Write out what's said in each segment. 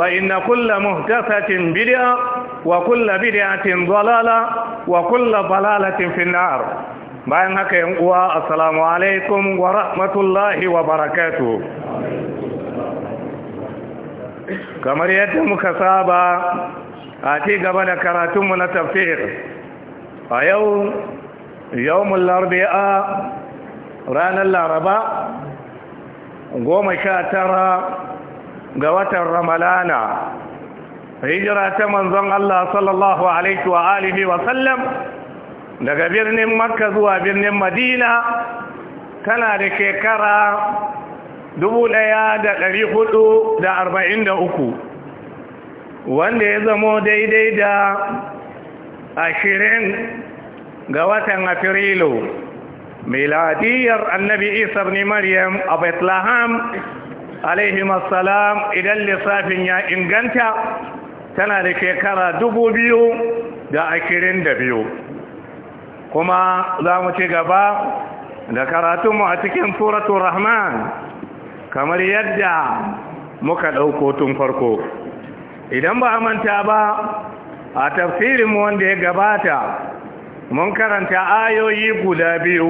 فإن كل مهدثة بدعة وكل بدعة ضلالة وكل ضلالة في النار bayan haka yan uwa assalamu alaikum wa rahmatullahi wa barakatuh kamar yadda muka saba a ci gaba da karatunmu na tafsir a yau yawmul larbi'a ranar laraba goma sha tara ga watan ramalana hijira ta manzon Allah sallallahu alaihi wa alihi wa sallam daga birnin makka zuwa birnin madina tana da shekara 1443 wanda ya zamo daidai da ashirin ga watan afrilu miladiyar annabi isar ne maryam a bethlehem alaihim assalam idan lissafin ya inganta tana da shekara dubu biyu da akirin da biyu kuma za mu ci gaba da karatunmu a cikin suratun rahman kamar yadda muka ɗauko tun farko idan ba manta ba a tafsirinmu wanda ya gabata mun karanta ayoyi guda biyu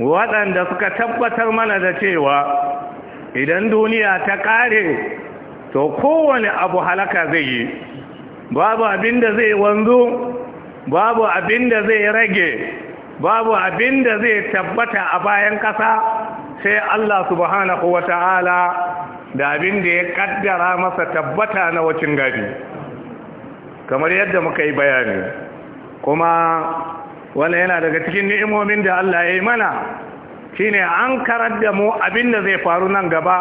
waɗanda suka tabbatar mana da cewa idan duniya ta ƙare to kowane abu halaka zai yi babu abin da zai wanzu babu abin da zai rage babu abin da zai tabbata a bayan ƙasa sai Allah subhanahu wa ta'ala da abin da ya kaddara masa tabbata na wacin gari kamar yadda muka yi bayani kuma wannan yana daga cikin ni'imomin da Allah ya yi mana shine an karar da mu abin da zai faru nan gaba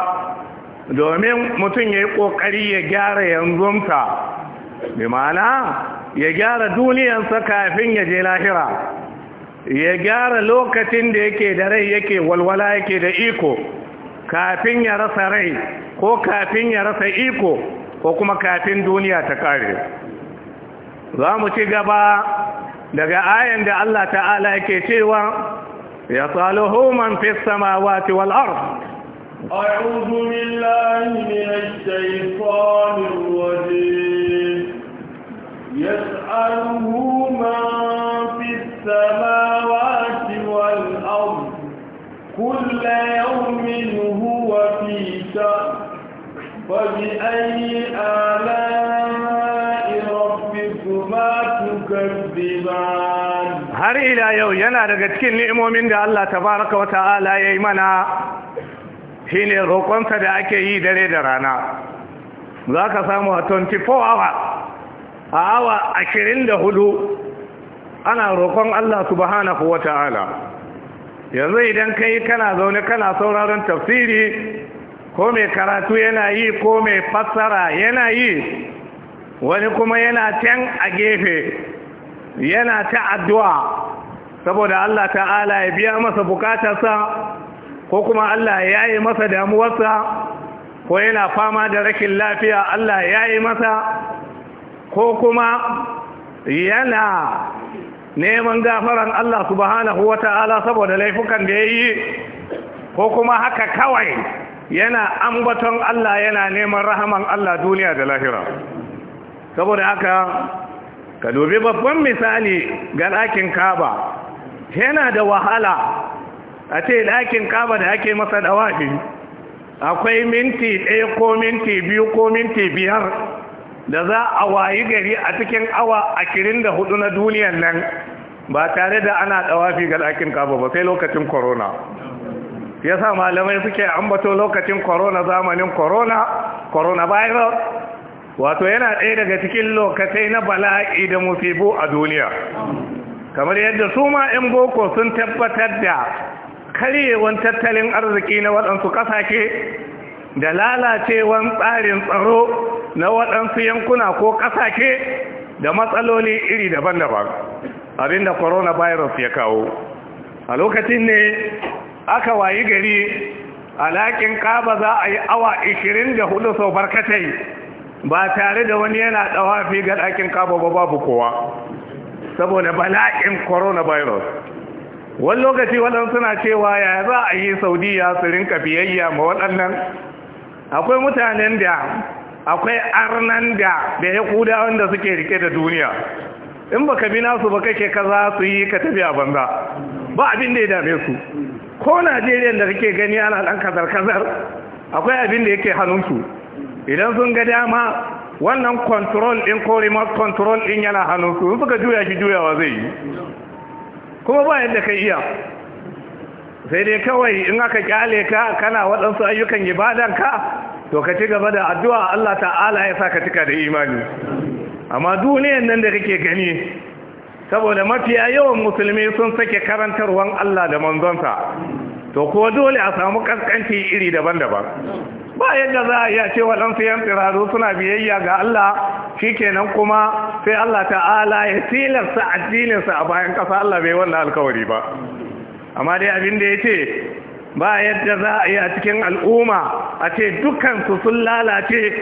domin mutum ya yi ƙoƙari ya gyara yanzunsa bi ma'ana ya gyara duniyarsa kafin ya je lahira ya gyara lokacin da yake da rai yake walwala yake da iko kafin ya rasa rai ko kafin ya rasa iko ko kuma kafin duniya ta kare za mu ci gaba daga ayan da Allah ta'ala yake cewa يصاله من في السماوات والأرض أعوذ بالله من الشيطان الرجيم يسأله من في السماوات والأرض كل يوم هو في شأن فبأي آلاء ربكما تكذبان har ila yau yana daga cikin ni'imomin da Allah tabaraka wa ta'ala ya yi mana shi ne roƙonsa da ake yi dare da rana za ka samu a 24 hour a awa 24 ana roƙon Allah subhanahu wa ta'ala yanzu idan kai kana zaune kana sauraron tafsiri ko mai karatu yana yi ko mai fassara yana yi wani kuma yana can a gefe yana ta addu'a saboda Allah ta'ala ya biya masa bukatarsa ko kuma Allah ya yi masa damuwarsa ko yana fama da rashin lafiya Allah ya yi masa ko kuma yana neman gafaran Allah subhanahu wa ta'ala saboda laifukan da ya yi ko kuma haka kawai yana ambaton Allah yana neman rahaman Allah duniya da lahira saboda haka ka dubi babban misali ga ɗakin kaba yana da wahala a ce ɗakin kaba da ake masa dawaɗi akwai minti ɗaya ko minti biyu ko minti biyar da za a wayi gari a cikin awa ashirin da hudu na duniyan nan ba tare da ana ɗawafi ga ɗakin kaba ba sai lokacin corona ya sa malamai suke ambato lokacin korona zamanin corona coronavirus wato yana ɗaya daga cikin lokacai na bala'i da musibu a duniya kamar yadda su ma 'yan boko sun tabbatar da karyewan tattalin arziki na waɗansu ƙasashe da lalacewan tsarin tsaro na waɗansu yankuna ko ƙasashe da matsaloli iri daban-daban abinda coronavirus ya kawo a lokacin ne aka wayi gari alaƙin ƙaba za a yi awa 24 sau barkatai ba tare da wani yana fi ga ɗakin kaba ba babu kowa saboda bala'in coronavirus wani lokaci wadanda suna cewa ya za a yi saudiya su rinka biyayya ma waɗannan akwai mutanen da akwai arnan da da ya kuda wanda suke rike da duniya in baka bi nasu ba kake kaza su yi ka tafi a banza ba abin da ya dame su ko najeriya da kake gani ana ɗan kazar-kazar akwai abin da yake hannunsu idan sun ga dama wannan control din ko remote control din yana hannu su suka juya shi juyawa zai yi kuma ba yadda kai iya sai dai kawai in aka kyale ka kana waɗansu ayyukan ka. to ka ci gaba da addu'a Allah ta'ala ya sa ka cika da imani amma duniyan nan da kake gani saboda mafiya yawan musulmi sun sake karantarwan Allah da manzonsa to kuwa dole a samu kaskanci iri daban-daban ba yadda za a iya ce waɗansu yan tsiraru suna biyayya ga Allah shi kenan kuma sai Allah ta'ala ya tilasta addininsa a bayan ƙasa Allah bai wannan alkawari ba amma dai abin da ya ce ba yadda za a iya cikin al'umma a ce dukansu sun lalace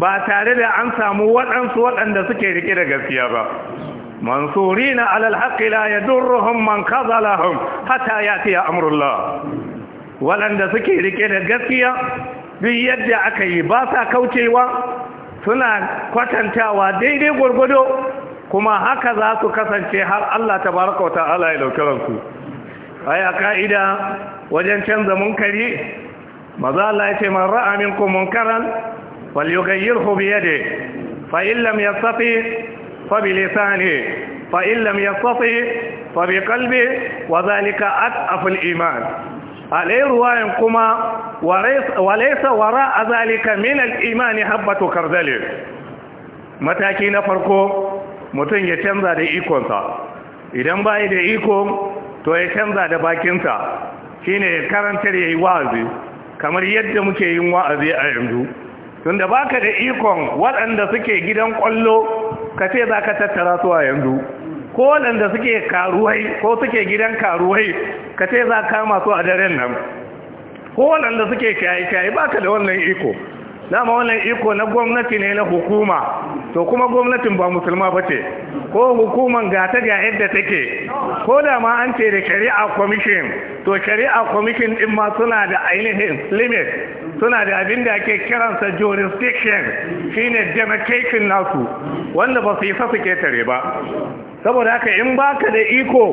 ba tare da an samu waɗansu waɗanda suke rike da gaskiya ba na منصورين على الحق لا يدرهم من خذلهم حتى يأتي أمر Waɗanda suke rike da gaskiya. duk yadda aka yi ba sa kaucewa suna kwatantawa daidai gwargwado kuma haka za su kasance har Allah ta baraka wata ala ya dauki ransu ai a ka'ida wajen canza munkari maza Allah ya ce man ra'a minkum munkaran falyughayyirhu bi yadihi fa in lam yastati fa bi lisanihi fa in lam yastati fa bi qalbi wa dhalika at'afu al-iman a ruwayan kuma walaisa wara azalika min al imani habatu kardal mataki na farko mutum ya canza da ikonsa idan bayi da iko to ya canza da bakinsa shine ya karantar yayi wa'zi wa'azi kamar yadda muke yin wa'azi a yanzu tunda baka da ikon waɗanda suke gidan kwallo ka ce za tattara su a yanzu ko waɗanda suke karuwai ko suke gidan karuwai ka ce za kama su a daren nan ko wanda suke kyaye-kyaye ba da wannan iko dama wannan iko na gwamnati ne na hukuma to kuma gwamnatin ba musulma ba ce ko hukuman ga ta ga yadda take ko da ma an ce da shari'a commission to shari'a commission din ma suna da ainihin limit suna da abin da ake kiransa jurisdiction shine demarcation nasu wanda ba su yi sa suke tare ba saboda haka in baka da iko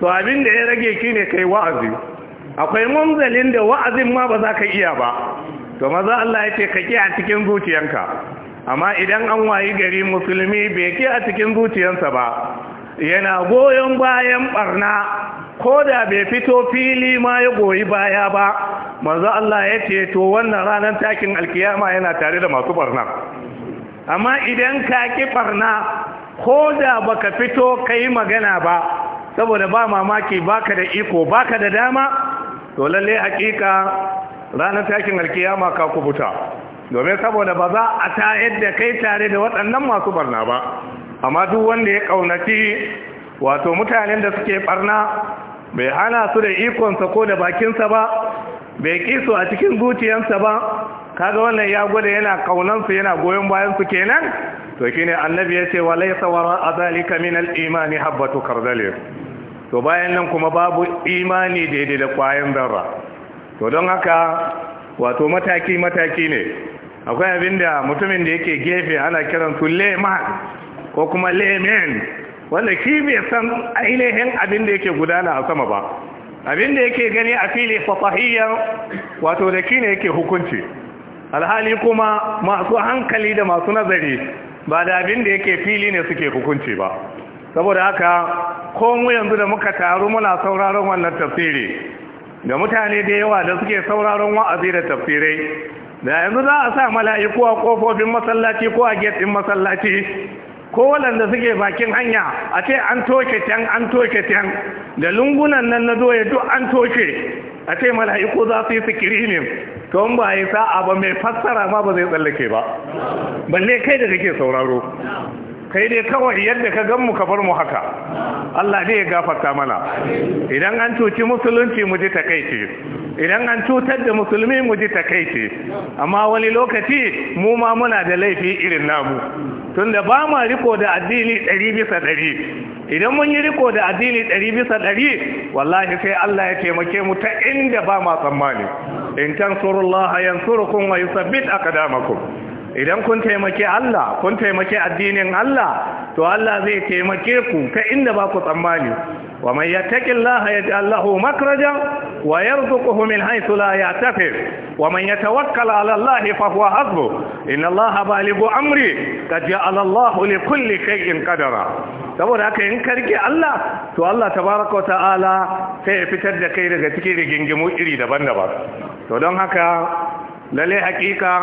to abin da ya rage ki ne kai wa'azi akwai munzalin da wa'azin ma ba za ka iya ba to maza Allah ya ce ka ki a cikin zuciyanka amma idan an wayi gari musulmi bai ki a cikin zuciyansa ba yana goyon bayan barna ko da bai fito fili ma ya goyi baya ba Maza Allah ya ce to wannan ranar takin alkiyama yana tare da masu barna amma idan ka ki barna ko da baka fito kai magana ba saboda ba mamaki baka da iko baka da dama to lalle hakika ranar takin alkiyama ka kubuta domin saboda ba za a tayar da kai tare da waɗannan masu barna ba amma duk wanda ya kaunaci wato mutanen da suke barna bai hana su da ikonsa ko da bakinsa ba bai ƙiso a cikin zuciyarsa ba kaga wannan ya gwada yana kaunansu yana goyon bayansu kenan to ne annabi ya ce wa laysa wara zalika min al-iman habatu to bayan nan kuma babu imani daidai da kwayan zarra to don haka wato mataki mataki ne akwai abinda mutumin da yake gefe ana kiran su leman ko kuma lemen wanda shi bai san ainihin abin da yake gudana a sama ba Abin abinda yake gani a fili fafahiyar wato da shi ne yake hukunci alhali kuma masu hankali da masu nazari ba da abin da yake fili ne suke hukunci ba saboda haka ko mu yanzu da muka taru muna sauraron wannan tafsiri da mutane da yawa da suke sauraron wa'azi da tafsirai da yanzu za a sa mala'iku a kofofin masallaci ko a gate din masallaci ko waɗanda suke bakin hanya a ce an toke can an toke can da lungunan nan na doya duk an toke a ce mala'iku za su yi sikirinin to in ba yi sa'a ba mai fassara ma ba zai tsallake ba balle kai da kake sauraro kai dai kawai yadda ka gan mu ka bar mu haka Allah dai ya gafarta mana idan an cuci musulunci mu ji takaici idan an cutar da musulmi mu ji takaici amma wani lokaci mu ma muna da laifi irin namu tunda ba ma riko da addini ɗari bisa ɗari idan mun yi riko da addini ɗari bisa ɗari wallahi sai Allah ya taimake mu ta inda ba ma tsammani in tansurullaha surukun wa dama ku. idan kun taimake Allah kun taimake addinin Allah to Allah zai taimake ku ta inda ba ku tsammani ومن يتق الله يجعل له مخرجا ويرزقه من حيث لا يعتفر ومن يتوكل على الله فهو حسبه إن الله بالغ أمري قد جعل الله لكل شيء قدرا saboda haka in karki Allah to Allah tabaraka ta'ala sai ya fitar da kai daga cikin rigingimu iri daban-daban to don haka lalle hakika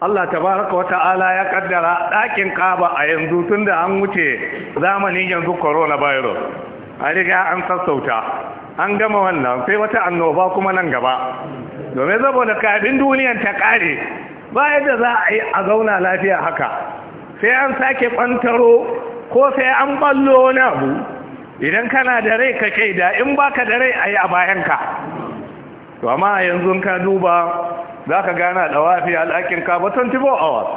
Allah tabaraka ta'ala ya kaddara ɗakin kaba a yanzu tunda an wuce zamanin yanzu coronavirus a riga an sassauta an gama wannan sai wata annoba kuma nan gaba domin saboda kabin duniyan ta kare ba yadda za a yi a zauna lafiya haka sai an sake ɓantaro ko sai an ballo wani abu idan kana da rai ka kai da in baka da rai a yi a bayanka to amma yanzu ka duba za ka gana da wafi al'akin ka ba 24 hours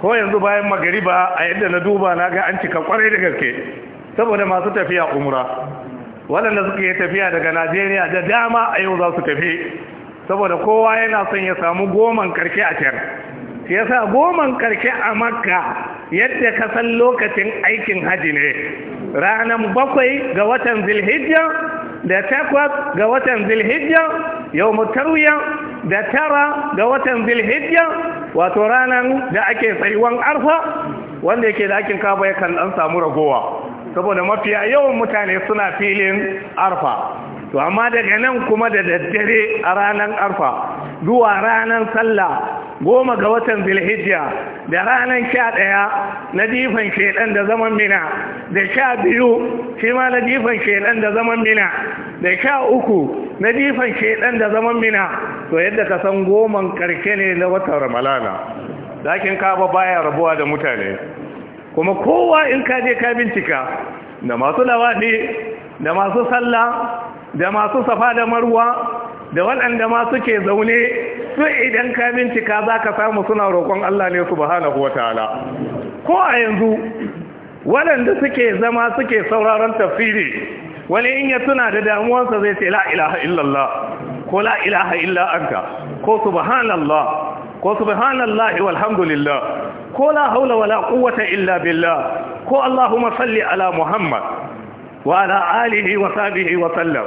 ko yanzu bayan magariba a yadda na duba na ga an cika kwarai da gaske saboda masu tafiya umra waɗanda suka yi tafiya daga najeriya da dama a yau za su tafi saboda kowa yana son ya samu goman karke a can shi yasa goman karke a makka yadda ka san lokacin aikin haji ne ranar bakwai ga watan zilhijja da takwas ga watan zilhijja yau mutarwiya da tara ga watan zilhijja wato ranar da ake tsayuwan arfa wanda yake da aikin kaba yakan ɗan samu ragowa saboda mafiya yawan mutane suna filin arfa to amma daga nan kuma da daddare a ranar arfa zuwa ranar sallah goma ga watan zilhijiya da ranar sha ɗaya na jifan shaidan da zaman mina da sha biyu shi ma na jifan shaidan da zaman mina da sha uku na jifan shaidan da zaman mina to yadda ka san goman karshe ne na watan ramalana dakin kaba baya rabuwa da mutane kuma kowa in ka je ka bincika da masu lawaɗe da masu sallah da masu safa da marwa da waɗanda ma suke zaune su idan ka bincika za ka samu suna roƙon Allah ne subhanahu wa ta'ala ko a yanzu waɗanda suke zama suke sauraron tafsiri wani in ya tuna da damuwarsa zai ce la ilaha illallah ko la ilaha illa anta ko subhanallah ko subhanallahi walhamdulillah ko la haula wala quwwata illa billah ko allahumma salli ala muhammad wa ala alihi wa sahbihi wa sallam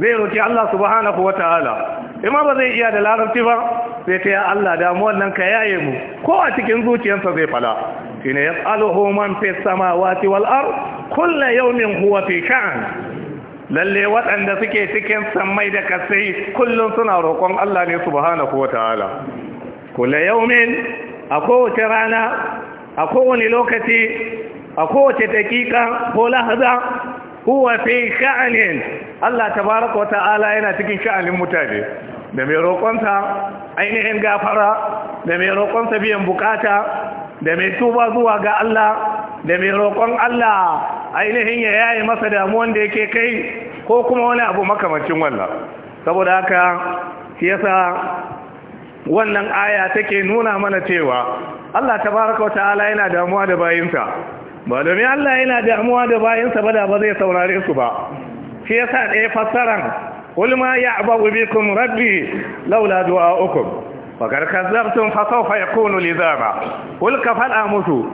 zai roki Allah subhanahu wataala imma ba zai iya da larabci ba sai ta ya Allah damuwar nan ka yaye mu ko a cikin zuciyarsa zai fala shine yas'aluhu man fis samawati wal ard kullu yawmin huwa fi sha'an lalle waɗanda suke cikin sammai da kasai kullum suna roƙon Allah ne subhanahu ta'ala. kula yaumin a kowace rana a kowane lokaci a kowace dakika ko lahaza huwa fi sha'anin Allah tabaraka wa ta'ala yana cikin sha'anin mutane da mai roƙonsa ainihin gafara da mai roƙonsa biyan bukata da mai tuba zuwa ga Allah da mai roƙon Allah ainihin ya yaye masa damuwan da yake kai ko kuma wani abu makamancin wannan saboda haka shi yasa wannan aya take nuna mana cewa Allah ta tabaraka wata'ala yana damuwa da bayinsa ba domin Allah yana damuwa da bayinsa ba da ba zai saurare su ba shi yasa ɗaya fassaran qul ma ya'ba'u bikum rabbi laula du'a'ukum fakar kazzabtum fa sawfa yakunu lidama qul ka fada musu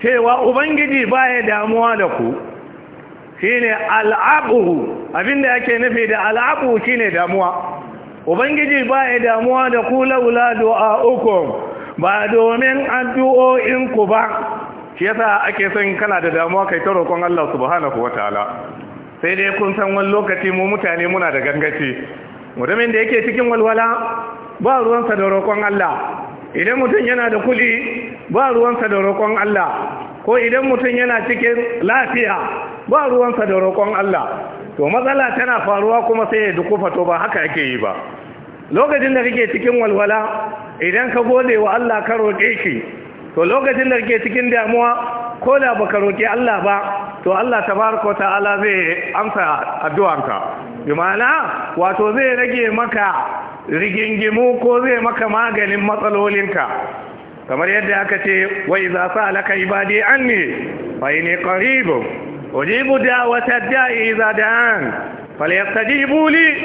cewa ubangiji baya damuwa da ku shine al'abu abinda yake nufi da al'abu shine damuwa ubangiji ba ya damuwa da ku laula uku ba domin addu'o'in ku ba shi yasa ake son kana da damuwa kai ta roƙon Allah subhanahu wataala sai dai kun san wani lokaci mu mutane muna da gangaci mutumin da yake cikin walwala ba ruwansa da roƙon Allah idan mutum yana da kuɗi ba ruwansa da roƙon Allah ko idan mutum yana cikin lafiya ba ruwansa da roƙon Allah to matsala tana faruwa kuma sai ya dukufa to ba haka ake yi ba lokacin da kake cikin walwala idan ka gode wa Allah ka roƙe shi to lokacin da kake cikin damuwa ko da baka roƙe Allah ba to Allah tabaraka ta'ala zai amsa addu'arka. bi ma'ana wato zai rage maka rigingimu ko zai maka maganin matsalolinka kamar yadda aka ce wa idza sa'alaka ibadi anni fa inni qaribun ujibu da'wata da'i idza da'an فليستجيبوا لي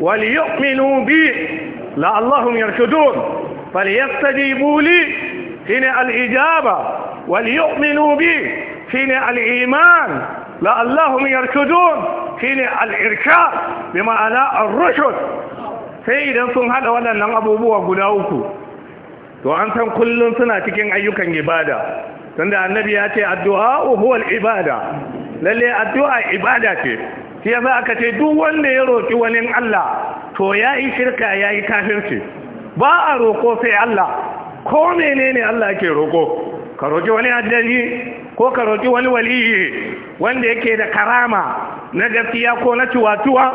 وليؤمنوا بي لعلهم يرشدون فليستجيبوا لي فينا الإجابة وليؤمنوا بي فينا الإيمان لعلهم يرشدون فينا الإرشاد بما أنا الرشد سيدنا سبحانه وتعالى نعم أبو بو وغلاوك وأنتم كلهم سنة تكين أيوكا عبادة عند النبي أتي الدعاء هو العبادة للي الدعاء عبادة فيه. shi za aka ce duk wanda ya roki wani Allah to ya yi shirka yayi kafirci ba a roko sai Allah ko menene Allah ke roko ka roƙi wani adali ko ka roki wani waliyi wanda yake da karama na gaskiya ko na tuwatuwa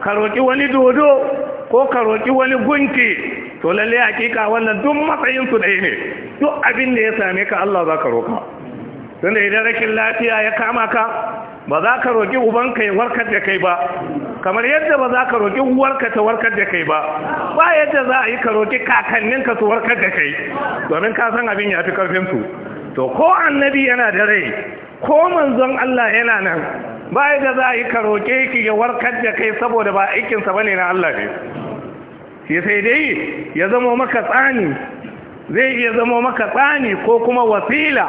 ka roki wani dodo ko ka roki wani gunki to lalle hakika wannan duk matsayin su ɗaya ne duk abin da ya same ka Allah za ka roka sanda idan rashin lafiya ya kama ka ba za ka roƙi ubanka ya warkar da kai ba kamar yadda ba za ka roƙi uwarka ta warkar da kai ba ba yadda za a yi ka roƙi kakanninka su warkar da kai domin ka san abin ya fi ƙarfinsu to ko annabi yana da rai ko manzon Allah yana nan ba yadda za a yi ka roƙe ki ya warkar da kai saboda ba aikinsa ba ne na Allah ne shi sai dai ya zama maka tsani zai iya zama maka tsani ko kuma wasila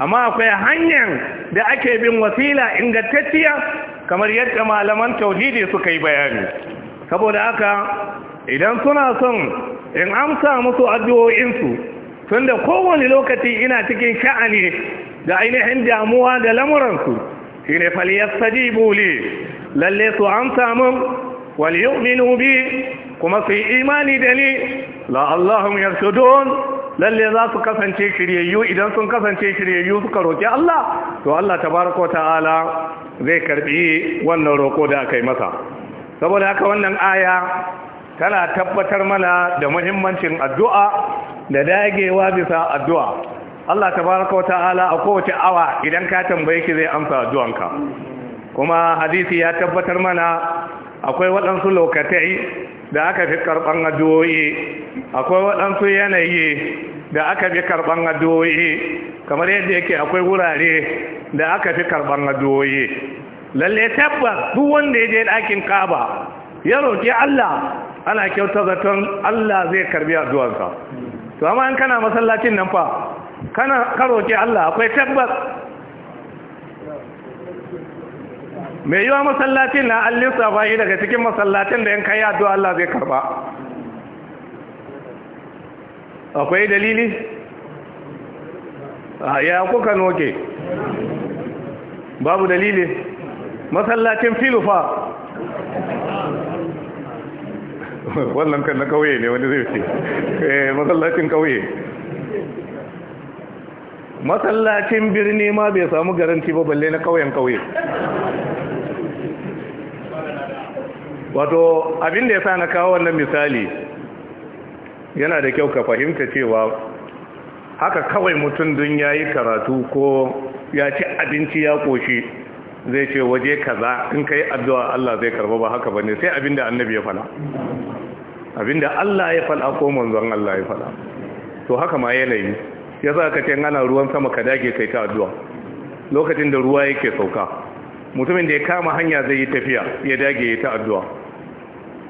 amma akwai hanyar da ake bin wasila ingantacciya kamar yadda malaman tauhidi suka yi bayani saboda haka idan suna son in amsa musu addu'o'insu tun da kowane lokaci ina cikin sha'ani da ainihin damuwa da lamuransu shi ne faliyar sajibuli lalle su amsa mun waliyuminu bi kuma su yi imani da ni la'allahun yarshudun lalle za su kasance shiryayyu idan sun kasance shiryayyu suka roƙi Allah to Allah tabaraka ta'ala zai karɓi wannan roƙo da aka yi masa saboda haka wannan aya tana tabbatar mana da muhimmancin addu'a da dagewa bisa addu'a Allah tabaraka ta'ala a kowace awa idan ka tambaye ki zai amsa addu'anka kuma hadisi ya tabbatar mana akwai waɗansu lokatai da aka fi karɓan addu'o'i akwai waɗansu yanayi da aka fi karɓan addu'o'i kamar yadda yake akwai wurare da aka fi karɓan addu'o'i lalle tabbas duk wanda ya je ɗakin kaba ya roƙi Allah ana kyauta zaton Allah zai karbi addu'arsa to amma in kana masallacin nan fa kana ka roƙi Allah akwai tabbas mai yiwa masallacin na an lissafa yi daga cikin masallacin da yan kai addu'a Allah zai karba akwai dalili ya kuka noke babu dalili masallacin filufa wannan kan na kauye ne wani zai ce eh, masallacin kauye masallacin birni ma bai samu garanti ba balle na kauyen kauye wato abin da ya sa na kawo wannan misali yana da kyau ka fahimta cewa haka kawai mutum dun ya yi karatu ko ya ci abinci ya ƙoshi zai ce waje kaza in ka yi addu'a Allah zai karba ba haka ba ne sai abin da annabi ya fala abin da Allah ya fala ko manzon Allah ya fala to haka ma yanayi ya sa ka ce ana ruwan sama ka dage kai ta addu'a lokacin da ruwa yake sauka mutumin da ya kama hanya zai yi tafiya ya dage ya ta addu'a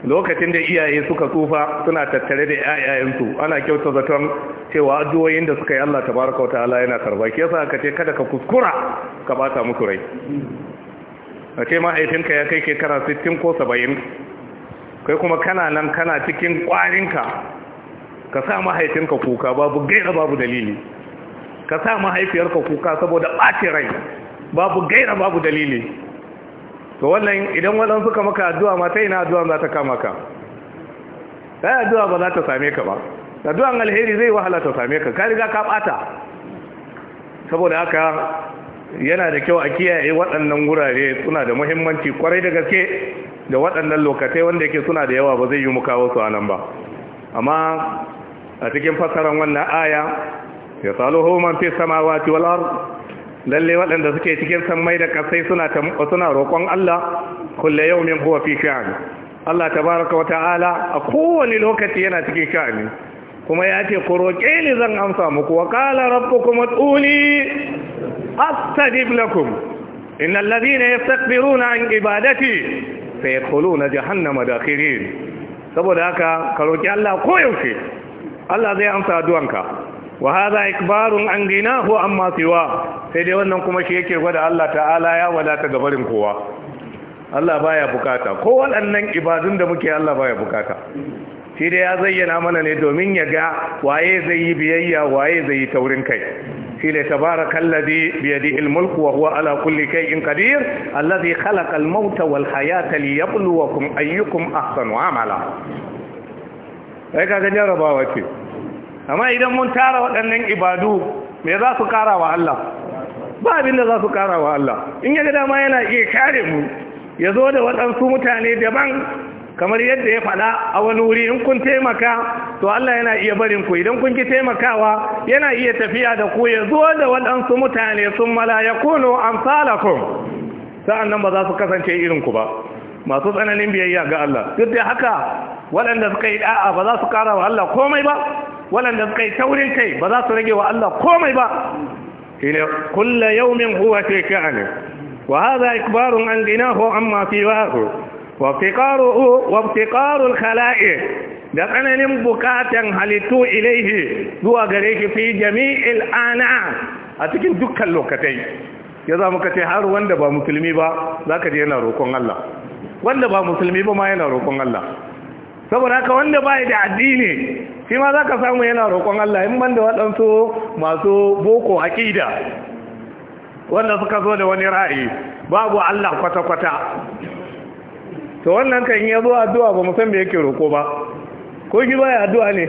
lokacin da iyaye suka tsufa suna tattare da ƴaƴayensu ana kyauta zaton cewa addu'o'in da suka yi Allah tabaraka wataala yana karba ke yasa ka ce kada ka kuskura ka bata musu rai a ce mahaifinka ya kai shekara 60 ko 70 kai kuma kana nan kana cikin kwarinka ka sa mahaifinka kuka babu gaira babu dalili ka sa mahaifiyarka kuka saboda ɓace rai babu gaira babu dalili to wannan idan wannan suka maka addu'a ma ta ina addu'a za ta kama ka sai addu'a ba za ta same ka ba addu'an alheri zai wahala ta same ka ka riga ka bata saboda haka yana da kyau a kiyaye waɗannan wurare suna da muhimmanci kwarai da gaske da waɗannan lokacai wanda yake suna da yawa ba zai yi mu kawo su ba amma a cikin fassarar wannan aya ya salo Homan fi samawati wal ard lalle waɗanda suke cikin sammai da kasai suna roƙon Allah kulle yau min huwa fi sha'ani Allah tabaraka wa ta'ala a kowane lokaci yana cikin sha'ani kuma ya ce ku roƙe ni zan amsa muku wa qala rabbukum ud'uni astajib lakum innal ladina yastakbiruna an ibadati sayadkhuluna jahannama dakhirin saboda haka ka roƙi Allah koyaushe Allah zai amsa duwanka. wa hadha ikbarun an ginahu amma siwa sai dai wannan kuma shi yake gwada Allah ta'ala ya wadata barin kowa Allah baya bukata ko waɗannan ibadun da muke Allah baya bukata shi dai ya zayyana mana ne domin ya ga waye zai yi biyayya waye zai yi taurin kai shi ne tabarakallazi biyadihil mulku wa huwa ala kulli shay'in qadir allazi khalaqa al-mauta wal hayata liyabluwakum ayyukum ahsanu amala sai kaga jarabawa ce amma idan mun tara waɗannan ibadu me za su ƙara wa Allah ba abin da za su ƙara wa Allah in yaga dama yana iya kare mu ya zo da waɗansu mutane daban kamar yadda ya faɗa a wani wuri in kun taimaka to Allah yana iya barin ku idan kun ki taimakawa yana iya tafiya da ku ya zo da waɗansu mutane sun mala ya kuno amsalakum sa'an nan ba za su kasance irin ku ba masu tsananin biyayya ga Allah duk da haka waɗanda suka yi da'a ba za su ƙara wa Allah komai ba waɗanda suka yi taurin kai ba za su rage wa Allah komai ba shine kulla yawmin huwa fi sha'ani wa hadha ikbarun an dinahu amma fi wahu wa fiqaruhu wafi fiqarul kala'i. da tsananin bukatan halittu ilaihi zuwa gare shi fi jami'il ana a cikin dukkan lokacin ya za muka ce har wanda ba musulmi ba za ka je yana roƙon Allah wanda ba musulmi ba ma yana roƙon Allah saboda haka wanda bai da addini shi ma za ka samu yana roƙon Allah in banda waɗansu masu boko aƙida wanda suka zo da wani ra'ayi babu Allah kwata-kwata to wannan kan ya zo addu'a ba san me yake roƙo ba ko shi ya addu'a ne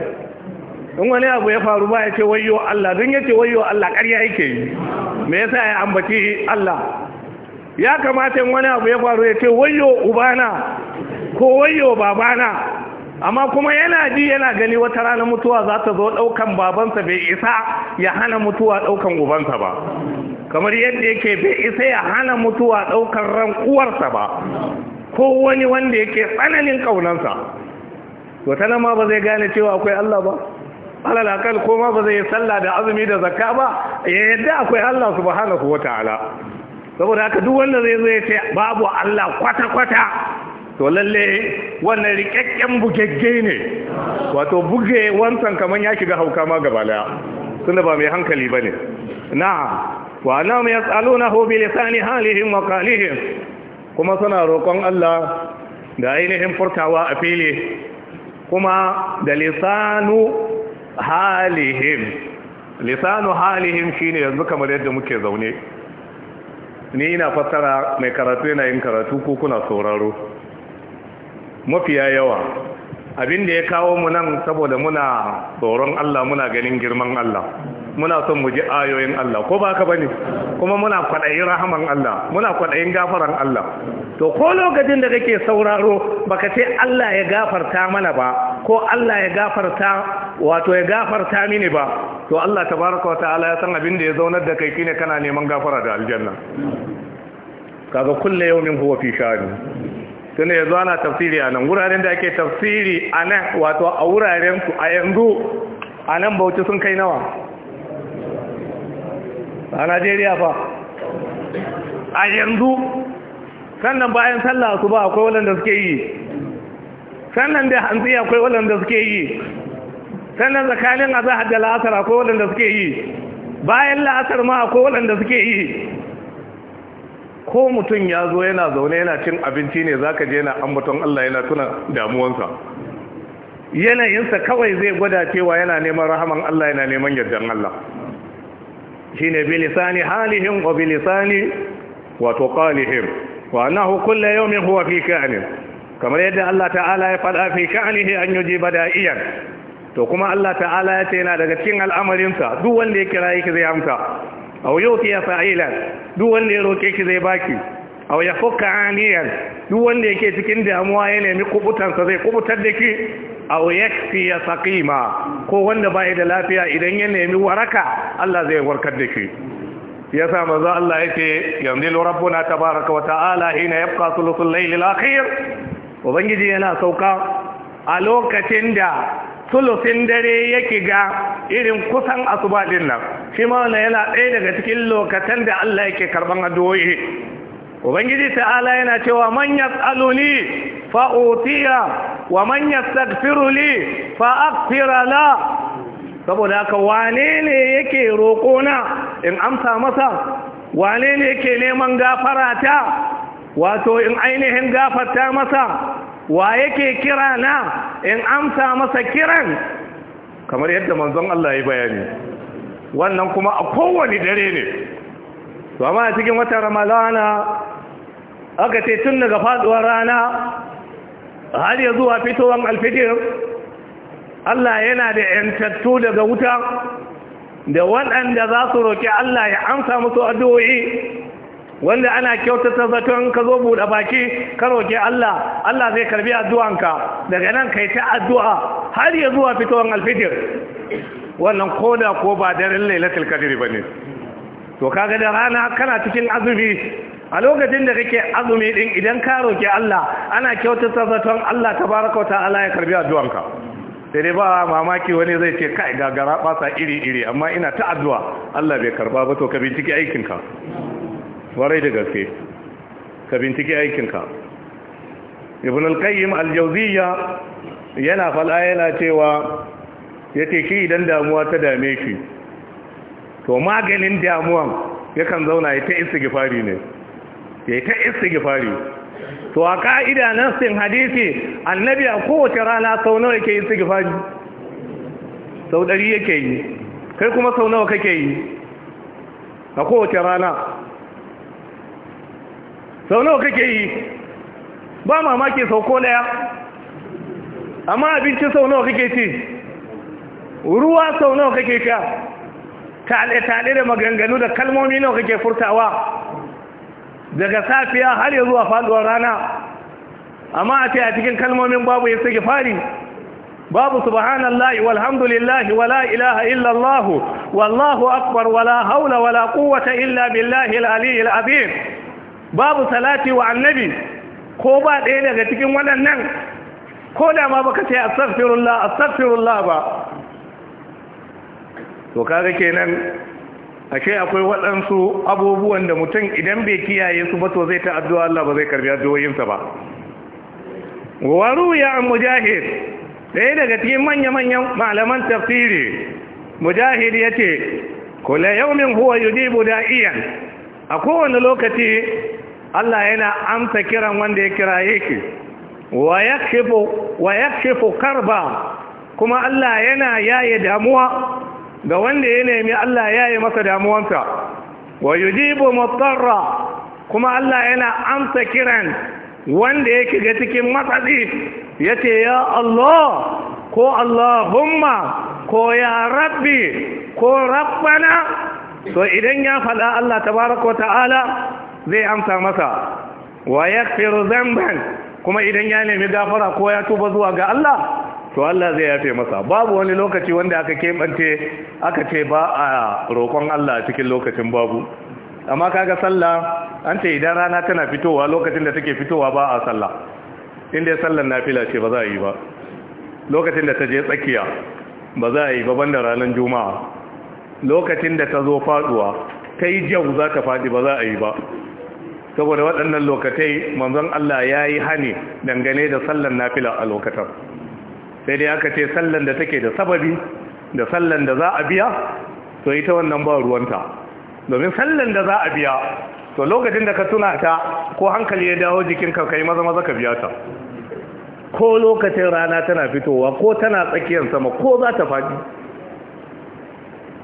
in wani abu ya faru ba ya ce wayo Allah don yace wayo Allah ƙarya yake yi me yasa ya ambaci Allah ya kamata in wani abu ya faru ya ce wayo ubana ko wayo babana amma kuma yana ji yana gani wata rana mutuwa za ta zo ɗaukan babansa bai isa ya hana mutuwa ɗaukan ubansa ba kamar yadda yake bai isa ya hana mutuwa ɗaukan ran uwarsa ba ko wani wanda yake tsananin ƙaunansa wata nan ma ba zai gane cewa akwai Allah ba alal akal ko ma ba zai yi sallah da azumi da zakka ba ya yadda akwai Allah subhanahu wataala saboda haka duk wanda zai zo ya ce babu Allah kwata kwata to lalle wannan rikakken bugegge ne wato buge wancan kaman ya shiga hauka ma gaba daya tunda ba mai hankali bane Na, wa tsaluna yas'alunahu bi lisani halihim wa qalihim kuma suna roƙon Allah da ainihin furtawa a fili kuma da lisanu halihim lisanu halihim shine yanzu kamar yadda muke zaune ni ina fassara mai karatu yana yin karatu ko kuna sauraro mafiya yawa abin da ya kawo mu nan saboda muna tsoron Allah muna ganin girman Allah muna son mu ji ayoyin Allah ko ba ka bane kuma muna kwaɗayin rahaman Allah muna kwaɗayin gafaran Allah to ko lokacin da kake sauraro baka ce Allah ya gafarta mana ba ko Allah ya gafarta wato ya gafarta mini ba to Allah tabaraka wa ta'ala ya san abin da ya zaunar da kai kine kana neman gafara da aljanna kaga kullu yawmin huwa fi sha'ani tunda zo ana tafsiri a nan wuraren da ake tafsiri a nan wato a wuraren su a yanzu a nan bauchi sun kai nawa a najeriya fa a yanzu sannan bayan sallah su ba akwai wadanda suke yi sannan da hantsi akwai wadanda suke yi sannan tsakanin azahar da la'asar akwai wadanda suke yi bayan la'asar ma akwai wadanda suke yi ko mutum ya zo yana zaune yana cin abinci ne zaka je yana ambaton Allah yana tuna damuwansa yanayinsa kawai zai gwada cewa yana neman rahaman Allah yana neman yardan Allah shine bi lisani halihim wa bi lisani wato qalihim wa annahu kullu yawmin huwa fi ka'nin kamar yadda Allah ta'ala ya faɗa fi ka'nihi an yujiba da'iyan to kuma Allah ta'ala ya ce yana daga cikin al'amarinsa duk wanda ya kira yake zai amsa aw yu'tiya sa'ilan duk wanda ya roke shi zai baki aw ya aniyan duk wanda yake cikin damuwa ya nemi kubutansa zai kubutar da ki aw yakfi saqima ko wanda bai da lafiya idan ya nemi waraka Allah zai warkar da shi yasa manzo Allah yake yanzu rabbuna tabaaraka wa ta'ala hina yabqa thuluthul layl al-akhir ubangiji yana sauka a lokacin da thuluthin dare yake ga irin kusan asuba din nan shi ma yana ɗaya daga cikin lokacin da Allah yake karban addu'o'i ubangiji ta'ala yana cewa man yas'aluni fa utiya wa man yastaghfiru li fa aghfira la saboda haka wane ne yake roƙo na in amsa masa wane ne yake neman gafara ta wato in ainihin gafarta masa wa yake kira na in amsa masa kiran kamar yadda manzon Allah ya bayani wannan kuma a kowane dare ne to amma a cikin watan ramadana aka ce tun daga faduwar rana har ya zuwa fitowar alfijir, Allah yana da yantattu daga wuta da waɗanda za su roƙi Allah ya amsa musu addu'o'i wanda ana kyautata zaton ka zo buɗe baki ka roƙi Allah Allah zai karbi addu'anka daga nan kai ta addu'a har ya zuwa fitowar alfitir wannan koda ko ba daren lailatul qadri bane to kaga da rana kana cikin azumi a lokacin da kake azumi din idan ka roki Allah ana kyautata zaton Allah tabaraka wa ta'ala ya karbi addu'anka sai dai ba mamaki wani zai ce kai gagara ba sa iri iri amma ina ta addu'a Allah bai karba ba to ka bincike aikinka warai da gaske ka bincike aikinka ibn al-qayyim al-jawziyya yana fala yana cewa ya ce shi idan damuwa ta dame shi to maganin damuwan kan zauna ya ta gifari ne ya ta gifari to a ka'ida nan sin hadisi annabi a kowace rana sau nawa yake gifari sau ɗari yake yi kai kuma sau nawa kake yi a kowace rana sau nawa kake yi ba mamaki sau ko ɗaya amma abinci sau nawa kake ci ruwa sau nawa kake sha tale-tale da maganganu da kalmomi nawa kake furtawa daga safiya har yanzu zuwa faduwar rana amma a a cikin kalmomin babu ya sake fari babu subhanallah walhamdulillah wala ilaha illallah wallahu akbar wala haula wala quwwata illa billahi al-aliyyil azim babu salati wa annabi ko ba ɗaya daga cikin waɗannan ko da ma baka ce astaghfirullah astaghfirullah ba to kaga kenan ashe akwai waɗansu abubuwan da mutum idan bai kiyaye su ba to zai ta addu'a Allah ba zai karbi addu'o'insa ba waru ya mujahid ɗaya daga cikin manya-manyan malaman tafsiri mujahid ya ce kula yaumin huwa yujibu da'iyan a kowane lokaci Allah yana amsa kiran wanda ya kiraye ki wa yakshifu karba kuma Allah yana yaye damuwa ga wanda ya nemi Allah ya yi masa damuwansa wa yujibu mutarra kuma Allah yana amsa kiran wanda ya ga cikin ya ce ya Allah ko Allahumma ko ya rabbi ko rabbana to idan ya faɗa Allah tabaraka wa ta'ala zai amsa masa wa yaghfiru dhanban kuma idan ya nemi gafara ko ya tuba zuwa ga Allah to Allah zai yafe masa babu wani lokaci wanda aka keɓance aka ce ba a roƙon Allah cikin lokacin babu amma kaga sallah an ce idan rana tana fitowa lokacin da take fitowa ba a sallah inda sallar nafila ce ba za a yi ba lokacin da ta je tsakiya ba za a yi ba banda ranar juma'a lokacin da ta zo faduwa kai jau za ta faɗi ba za a yi ba saboda waɗannan lokacai manzon Allah ya yi hani dangane da sallar nafila a lokacin sai dai aka ce sallan da take da sababi da sallan da za a biya to ita wannan ba ruwanta domin sallan da za a biya to lokacin da ka tuna ta ko hankali ya dawo jikin ka kai maza maza ka biya ta ko lokacin rana tana fitowa ko tana tsakiyar sama ko za ta faɗi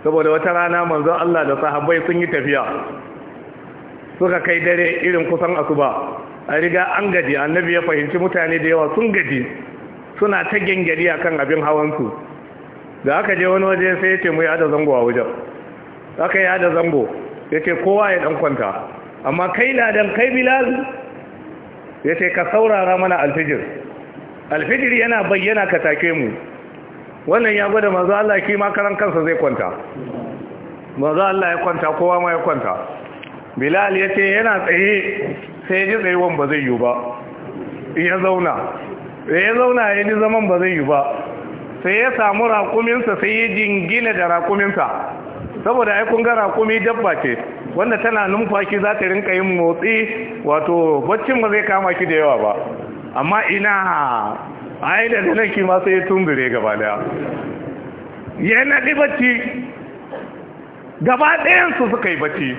saboda wata rana manzo Allah da sahabbai sun yi tafiya suka kai dare irin kusan asuba a riga an gaji annabi ya fahimci mutane da yawa sun gaji suna ta gengari a kan abin hawansu da aka je wani waje sai ya ce mu yada zango a wajen aka yada zango ya ce kowa ya dan kwanta amma kai ladan kai bilal ya ce ka saurara mana alfijir alfijir yana bayyana ka take mu wannan ya gwada mazu Allah shi makaran kansa zai kwanta mazu Allah ya kwanta kowa ma ya kwanta bilal ya ce yana tsaye sai ji tsayuwan ba zai yi ba ya zauna da ya zauna ya ji zaman ba zai yi ba sai ya samu rakuminsa sai ya jingina da rakuminsa saboda ya kunga rakumi dabba ce wanda tana numfashi za ta rinka yin motsi wato baccin ba zai kama ki da yawa ba amma ina yi da nan ma sai ya tumbure gaba daya ya naɗi bacci gaba ɗayansu suka yi bacci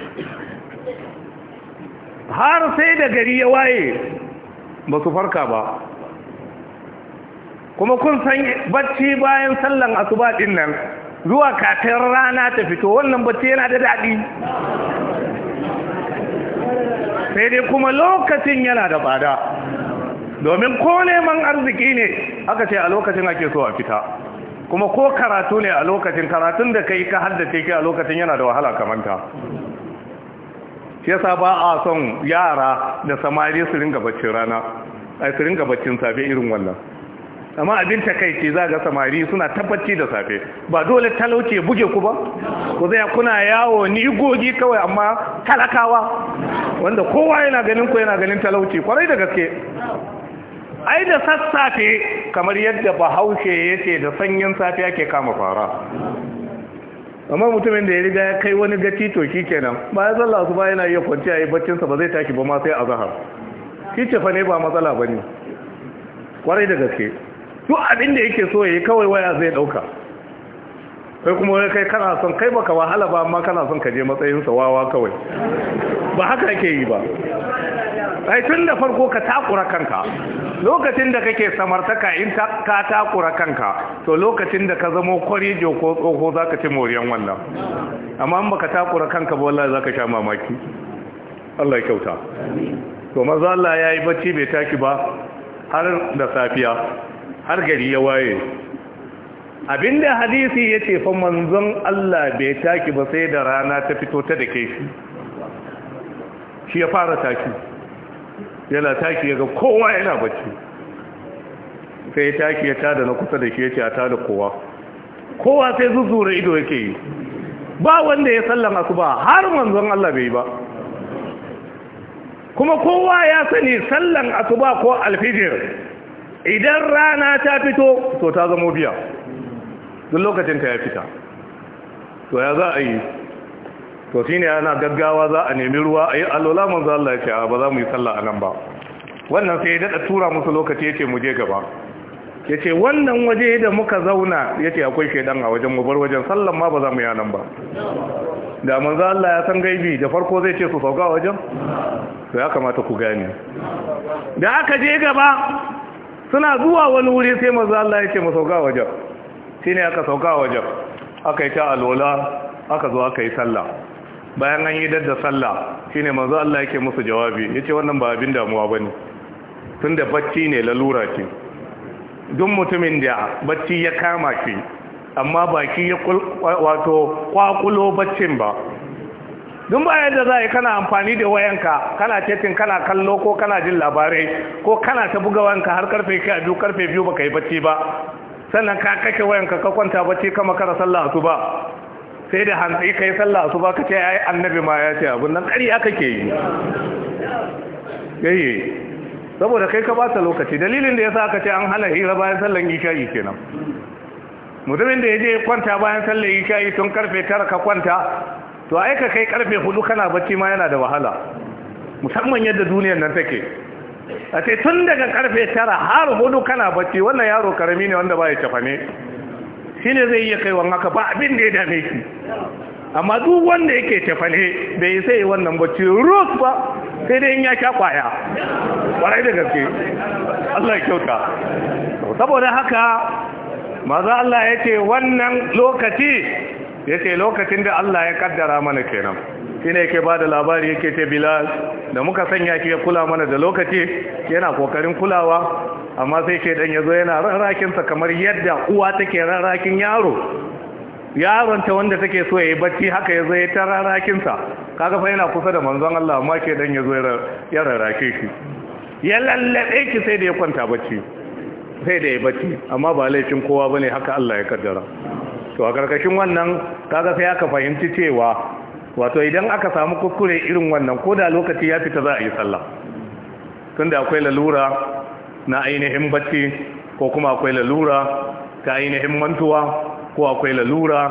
har sai da gari ya waye ba su farka ba kuma kun san bacci bayan sallan asuba din nan zuwa kafin rana ta fito wannan bacci yana da daɗi sai dai kuma lokacin yana da bada domin ko neman arziki ne aka ce a lokacin ake so a fita kuma ko karatu ne a lokacin karatun da kai ka haddace ki a lokacin yana da wahala kamanta shi yasa ba a son yara da samari su ringa baccin rana ai su ringa baccin safe irin wannan amma abin takaici za ga samari suna tabbaci da safe ba dole talauci ya buge ku ba ku zai kuna yawo ni gogi kawai amma talakawa wanda kowa yana ganin ku yana ganin talauci kwarai da gaske ai da sassafe kamar yadda bahaushe yake da sanyin safe yake kama fara amma mutumin da ya riga ya kai wani gaci to shi kenan ya zalla su ba yana iya kwanciya yi baccinsa ba zai tashi ba ma sai a zahar shi fa ne ba matsala ba ne kwarai da gaske duk abin da yake so yayi kawai waya zai dauka kai kuma wani kai kana son kai baka wahala ba amma kana son ka je matsayin sa wawa kawai ba haka yake yi ba ai tun da farko ka takura kanka lokacin da kake samartaka in ka takura kanka to lokacin da ka zama kwarijo ko tsoho zaka ci moriyan wannan amma in baka takura kanka ba wallahi zaka sha mamaki Allah ya kyauta to mazala Allah yayi bacci bai taki ba har da safiya har gari ya waye abinda hadisi ya ce fa manzon Allah bai taki ba sai da rana ta fito ta da kai shi shi ya fara taki yana taki ya ga kowa yana bacci sai ya taki ya tada na kusa da shi ya ce a tada kowa kowa sai zuzura ido yake yi ba wanda ya sallan asuba har manzon Allah bai ba kuma kowa ya sani sallan asuba ko alfijir idan rana ta fito to ta zama biya duk lokacin ta ya fita to ya za a yi to shine yana gaggawa za a nemi ruwa a yi allola manzo Allah ya ce ba za mu yi sallah a nan ba wannan sai ya dada tura musu lokaci ya ce mu je gaba Ya ce wannan waje da muka zauna yace akwai shaidan a wajen mu bar wajen sallan ma ba za mu yi nan ba da manzo Allah ya san gaibi da farko zai ce su sauka wajen to ya kamata ku gane da aka je gaba suna zuwa wani wuri sai manzo Allah ya mu sauka wajen ne aka sauka wajen aka yi ta alwala aka zo aka yi sallah bayan an yi dadda sallah shi ne manzo Allah yake musu jawabi Ya ce wannan ba abin damuwa ba bane tunda bacci ne lalura ce duk mutumin da bacci ya kama shi amma baki ya wato kwakulo baccin ba Dun bayan da za a yi kana amfani da wayanka kana cefin kana kallo ko kana jin labarai ko kana ta buga wayanka har karfe ka biyu karfe biyu baka yi bacci ba sannan ka kake wayanka ka kwanta bacci kama kara sallah su ba sai da hantsi ka yi sallah su ba ka ce ya yi annabi ma ya ce abin nan ƙari aka ke yi yayi saboda kai ka ba lokaci dalilin da ya sa ka ce an hana hira bayan sallan isha'i kenan mutumin da ya je kwanta bayan sallan isha'i tun karfe tara ka kwanta to a ka kai karfe hudu kana bacci ma yana da wahala musamman yadda duniyar nan take a ce tun daga karfe tara har hudu kana bacci wannan yaro karami ne wanda ba ya cafa ne shi ne zai iya kai wani haka ba abin da ya dame shi amma duk wanda yake cafa ne bai sai wannan bacci rus ba sai dai in ya sha kwaya kwarai da gaske Allah ya kyauta saboda haka maza Allah ya ce wannan lokaci ya ce lokacin da Allah ya kaddara mana kenan shi ne yake ba da labari yake ce bilal da muka sanya ki ya kula mana da lokaci yana kokarin kulawa amma sai ke dan yazo yana rarrakin sa kamar yadda uwa take rarrakin yaro yaron ta wanda take so yayi yi bacci haka ya ya ta sa kaga fa yana kusa da manzon Allah amma ke dan yazo ya rarrake shi ya lallabe ki sai da ya kwanta bacci sai da ya bacci amma ba laifin kowa bane haka Allah ya kaddara to a karkashin wannan kaga sai aka fahimci cewa wato idan aka samu kuskure irin wannan ko da lokaci ya fita za a yi sallah tunda akwai lalura na ainihin bacci ko kuma akwai lalura ta ainihin mantuwa ko akwai lalura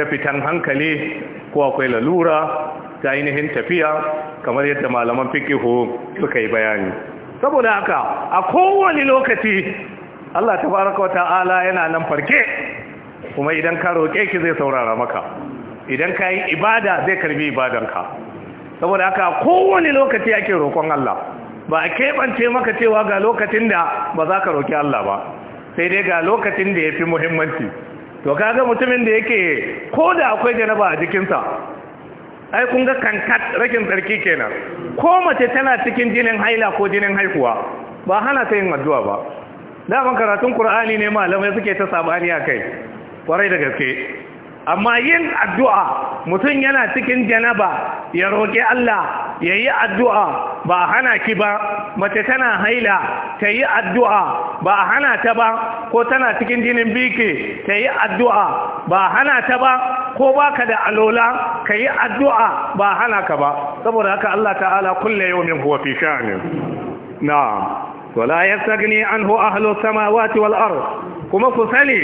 ta fitan hankali ko akwai lalura ta ainihin tafiya kamar yadda malaman fikihu suka yi bayani saboda haka a kowane lokaci Allah Ta baraka wa ta'ala yana nan farke kuma idan ka roƙe ki zai saurara maka idan ka yi ibada zai karbi ka saboda haka kowane lokaci ake roƙon Allah ba a keɓance maka cewa ga lokacin da ba za ka roƙi Allah ba sai dai ga lokacin da ya fi muhimmanci to kaga mutumin da yake ko da akwai janaba a jikinsa ai kun ga kankat rakin tsarki kenan ko mace tana cikin jinin haila ko jinin haihuwa ba hana ta yin addu'a ba ban karatun qur'ani ne malamai suke ta sabani akai kai kwarai da gaske amma yin addu'a mutum yana cikin janaba ya roƙi Allah ya yi addu'a ba a hana ki ba mace tana haila ta yi addu'a ba a hana ta ba ko tana cikin jinin biki ta yi addu'a ba a hana ta ba ko baka da alola ka yi addu'a ba a hana ka ba saboda haka Allah ta'ala kulle yau min huwa fi sha'anin na wala ya sagni an hu ahalo samawati wal'ar kuma ku sani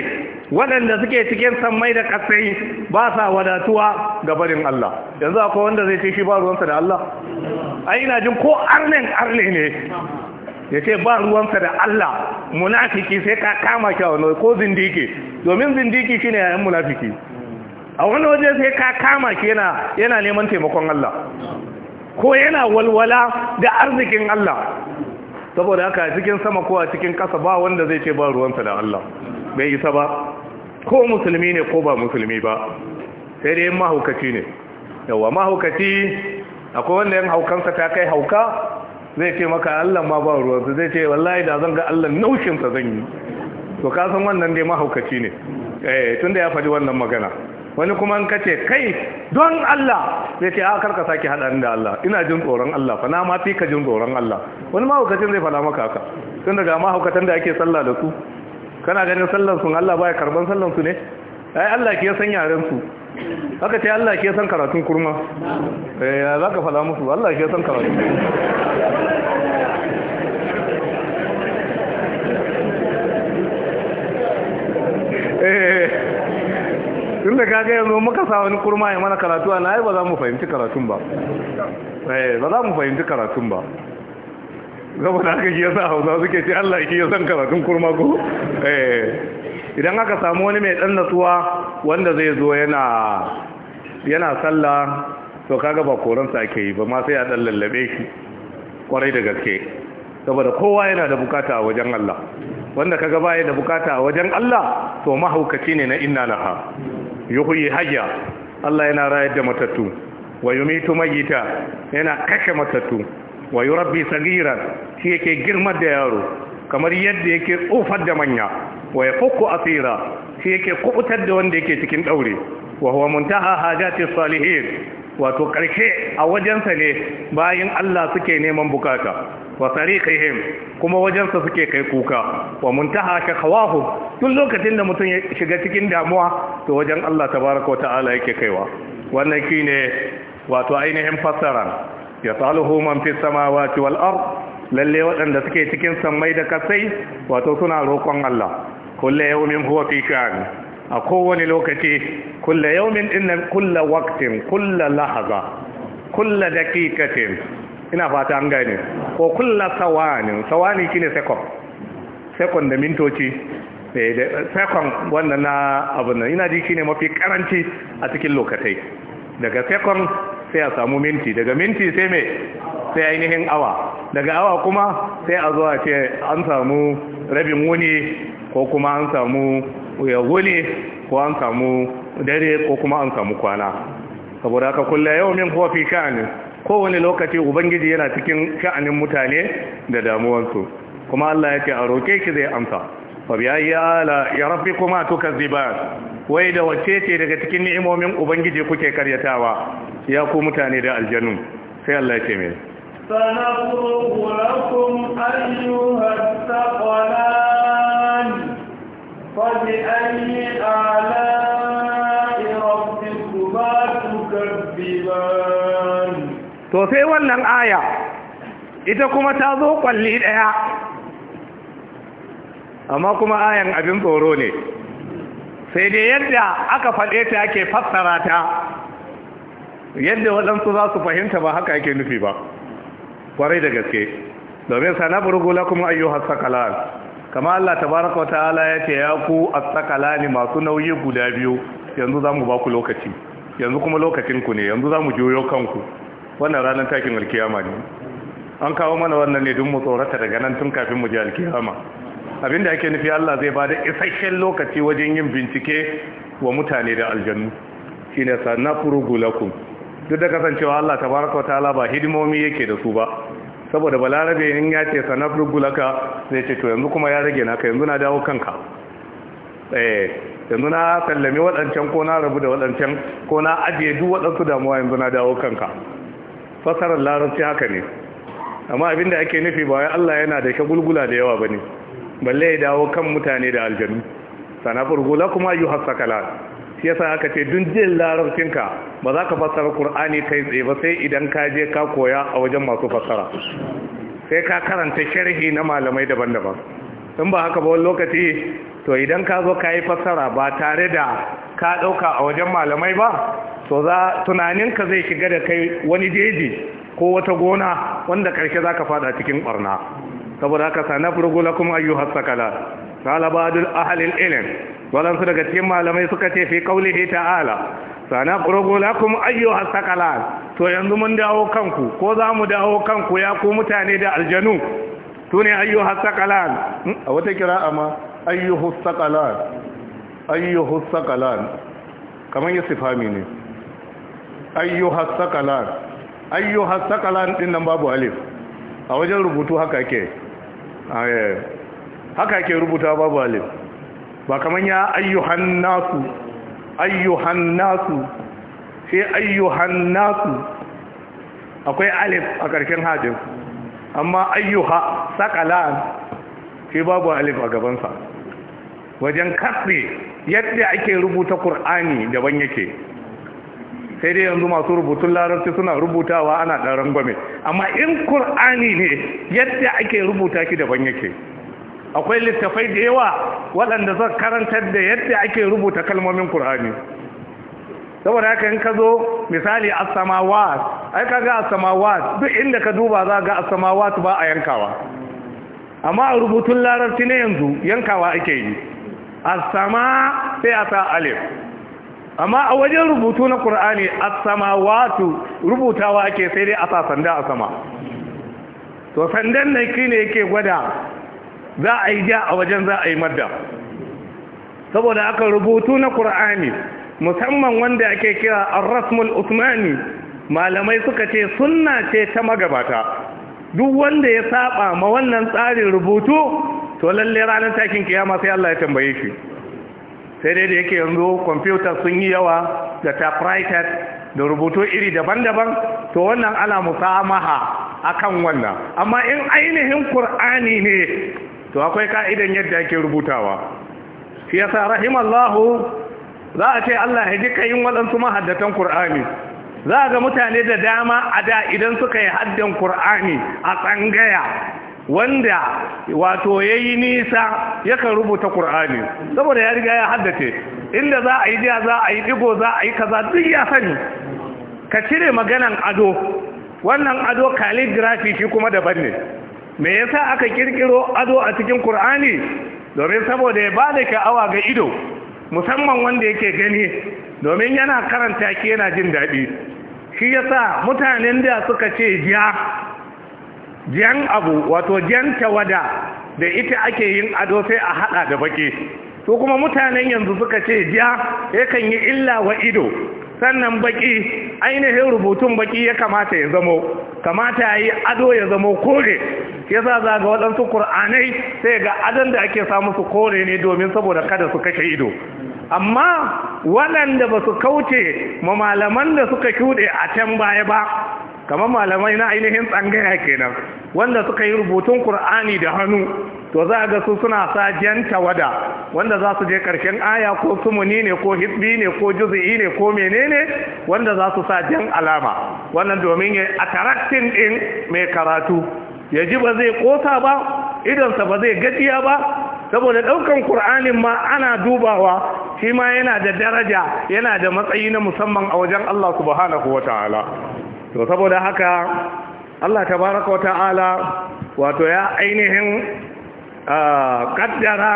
waɗanda suke cikin sammai da ƙasai ba sa wadatuwa ga barin Allah yanzu akwai wanda zai ce shi ba ruwansa da Allah A ina jin ko arnen arne ne ya ce ba ruwansa da Allah munafiki sai ka kama shi a wani ko zindiki domin zindiki shine yayin munafiki a wani waje sai ka kama shi yana neman taimakon Allah ko yana walwala da arzikin Allah saboda haka cikin sama ko a cikin ƙasa ba wanda zai ce ba ruwansa da Allah bai isa ba ko musulmi ne ko ba musulmi ba sai dai mahaukaci ne yawa mahaukaci akwai wanda yan haukansa ta kai hauka zai ce maka Allah ma ba ruwansa zai ce wallahi da zan ga Allah naushinsa zan yi to ka wannan dai mahaukaci ne eh tunda ya faɗi wannan magana wani kuma an kace kai don Allah zai ce a ah, karka sake haɗa da Allah ina jin tsoron Allah fa na ma fi ka jin tsoron Allah wani mahaukacin zai fada maka haka tun daga mahaukatan da ake sallah da su kana ganin sallan sun Allah baya karban sallan su ne ai Allah ke san yaren su haka ce Allah ke san karatun kurma eh za ka fada musu Allah ke san karatun eh tun da kaga yanzu muka sa wani kurma ya mana karatu a na ba za mu fahimci karatun ba eh, ba za mu fahimci karatun ba saboda da aka yasa hausa suke ce Allah ya san karatun kurma ko eh, idan aka samu wani mai dan natsuwa wanda zai zo yana yana sallah to kaga ba koransa ake yi ba ma sai a dan lallabe shi kwarai da gaske saboda kowa yana da bukata a wajen Allah wanda kaga baya da bukata a wajen Allah to mahaukaci ne na inna laha yuhuyi hayya Allah yana rayar da matattu wa yumitu mayyita yana kashe matattu wa yurabbi sagira shi yake girma da yaro kamar yadda yake ufar da manya wa yafukku asira shi yake kubutar da wanda yake cikin daure wa huwa muntaha hajati salihin wato karshe a wajensa ne bayan Allah suke neman bukata wa sariqihim kuma wajensa suke kai kuka wa muntaha shakawahu tun lokacin da mutum ya shiga cikin damuwa to wajen Allah tabaraka ta'ala yake kaiwa wannan ne. wato ainihin fassara ya saluhu man fi samawati wal ard lalle waɗanda suke cikin samai da kasai wato suna roƙon Allah kullu yawmin huwa fi sha'an a kowane lokaci kullu yawmin inna kullu waqtin kullu lahaza kullu daqiqatin ina fata an gane ko kulla sawani sawani shine second second da mintoci eh, second wannan na abin nan ina ji shine mafi karanci a cikin lokatai daga second sai a samu minti daga minti sai me sai ainihin awa daga awa kuma sai a zuwa ce an samu rabin wuni ko kuma an samu ya wuni ko an samu dare ko kuma an samu kwana saboda haka kulla yau min kofi sha'anin kowane lokaci ubangiji yana cikin sha'anin mutane da damuwarsu kuma Allah ya ce a roke ki zai amsa fa ya ayi ala ya rabbi kuma tukazziban wai da wace ce daga cikin ni'imomin ubangiji kuke karyatawa ya ku mutane da aljannu sai Allah ya ce mai sanafruhu lakum taqalan fa bi ala tukazziban to sai wannan aya ita kuma ta zo kwalli ɗaya amma kuma ayan abin tsoro ne sai dai yadda aka faɗe ta ke fassara ta yadda waɗansu za su fahimta ba haka yake nufi ba kwarai da gaske domin sana burgula kuma ayyuhar sakalan kama Allah tabaraka ta'ala ya ce ya ku as-sakalani masu nauyi guda biyu yanzu zamu ba ku lokaci yanzu kuma lokacin ne yanzu zamu joyo kanku wannan ranar takin alkiyama ne an kawo mana wannan ne don mu tsorata daga nan tun kafin mu je alkiyama abinda ake nufi Allah zai bada isasshen lokaci wajen yin bincike wa mutane da aljannu shine furugu lakum duk da kasancewa Allah tabaraka wa ta'ala ba hidimomi yake da su ba saboda balarabe in ya ce furugu laka zai ce to yanzu kuma ya rage naka yanzu na dawo kanka eh yanzu na sallame waɗancan ko na rabu da waɗancan ko na ajiye duk waɗansu damuwa yanzu na dawo kanka fasarar larabci haka ne amma abinda ake nufi ba Allah yana da shagulgula da yawa bane balle ya dawo kan mutane da aljanu sana furgula kuma yi hasakala shi yasa aka ce dun jin larabcinka ba za ka fassara Kur'ani kai tsaye ba sai idan ka je ka koya a wajen masu fasara sai ka karanta sharhi na malamai daban-daban in ba haka ba wani lokaci to idan ka zo ka yi fassara ba tare da ka ɗauka a wajen malamai ba to za tunaninka zai shiga da kai wani jeji ko wata gona wanda ƙarshe za ka fada cikin ɓarna saboda haka sana la kuma ayyu hassakala talabadul ahalil ilm walansu daga cikin malamai suka ce fi kaulihi ta'ala sana la kuma ayyu hassakala to yanzu mun dawo kanku ko za mu dawo kanku ya ku mutane da aljanu su ne ayyu hassakala a wata kira ma ayyu hassakala ayyuhu saqalan kamar ya sifami ne ayyuhu saqalan ayyuhu saqalan din nan babu alif a wajen rubutu haka ke haka ke rubuta babu alif ba kamar ya ayyuhan nasu ayyuhan nasu sai ayyuhan nasu akwai alif a karken hajjin amma ayyuha saqalan sai babu alif a gabansa wajen katse yadda ake rubuta Kur'ani daban yake sai dai yanzu masu rubutun larabci suna rubutawa ana ɗaren gwame amma in Kur'ani ne yadda ake rubuta ki daban yake akwai littafai da yawa waɗanda zan karantar da yadda ake rubuta kalmomin Kur'ani saboda haka in ka zo misali as ai ka ga as duk inda ka duba za ga as-samawat ba a yankawa amma a rubutun larabci ne yanzu yankawa ake yi Asama sai a sa alif amma a wajen rubutu na qur'ani Asama samawatu rubutawa ake sai dai a sa sanda a sama to sandan nan kine yake gwada za a yi ja a wajen za a yi madda saboda aka rubutu na qur'ani musamman wanda ake kira ar usmani malamai suka ce sunna ce ta magabata duk wanda ya saba ma wannan tsarin rubutu to lalle ranar takin kiyama sai Allah ya tambaye shi sai dai da yake yanzu kwamfuta sun yi yawa da typewriter da rubutu iri daban-daban to wannan ana musamaha akan wannan amma in ainihin qur'ani ne to akwai ka'idan yadda ake rubutawa shi yasa rahimallahu za a ce Allah ya jika yin waɗansu mahaddatan Kur'ani za a ga mutane da dama a da idan suka yi haddan Kur'ani a tsangaya wanda wato ya yi nisa ya yakan rubuta ƙur'ani saboda ya riga ya haddace inda za a yi jiya za a yi ɗigo za a yi kaza duk ya sani ka cire maganan ado wannan ado calligraphy shi kuma daban ne me yasa aka kirkiro ado a cikin ƙur'ani domin saboda ya ba da sha'awa ga ido musamman wanda yake gani domin yana karanta ki yana jin daɗi shi yasa mutanen da suka ce ja jiyan abu wato jiyan tawada da ita ake yin ado sai a hada da baki to kuma mutanen yanzu suka ce jiya yakan yi illa wa ido sannan baki ainihin rubutun baki ya kamata ya zamo kamata ya yi ado ya zamo kore yasa za ga waɗansu ƙur'anai sai ga adon da ake samu su kore ne domin saboda kada su kashe ido amma waɗanda ba su kauce ma malaman da suka shuɗe a can baya ba kamar malamai na ainihin tsangaya kenan wanda suka yi rubutun Kur'ani da hannu to za ga su suna sa jan tawada wanda za su je karshen aya ko sumuni ne ko hisbi ne ko juzi'i ne ko menene wanda za su sa jan alama wannan domin ya attracting din mai karatu ya ji ba zai kosa ba idonsa ba zai gajiya ba saboda daukan qur'anin ma ana dubawa shi ma yana da daraja yana da matsayi na musamman a wajen Allah subhanahu wataala to saboda haka Allah tabaraka wata'ala wato ya ainihin kaddara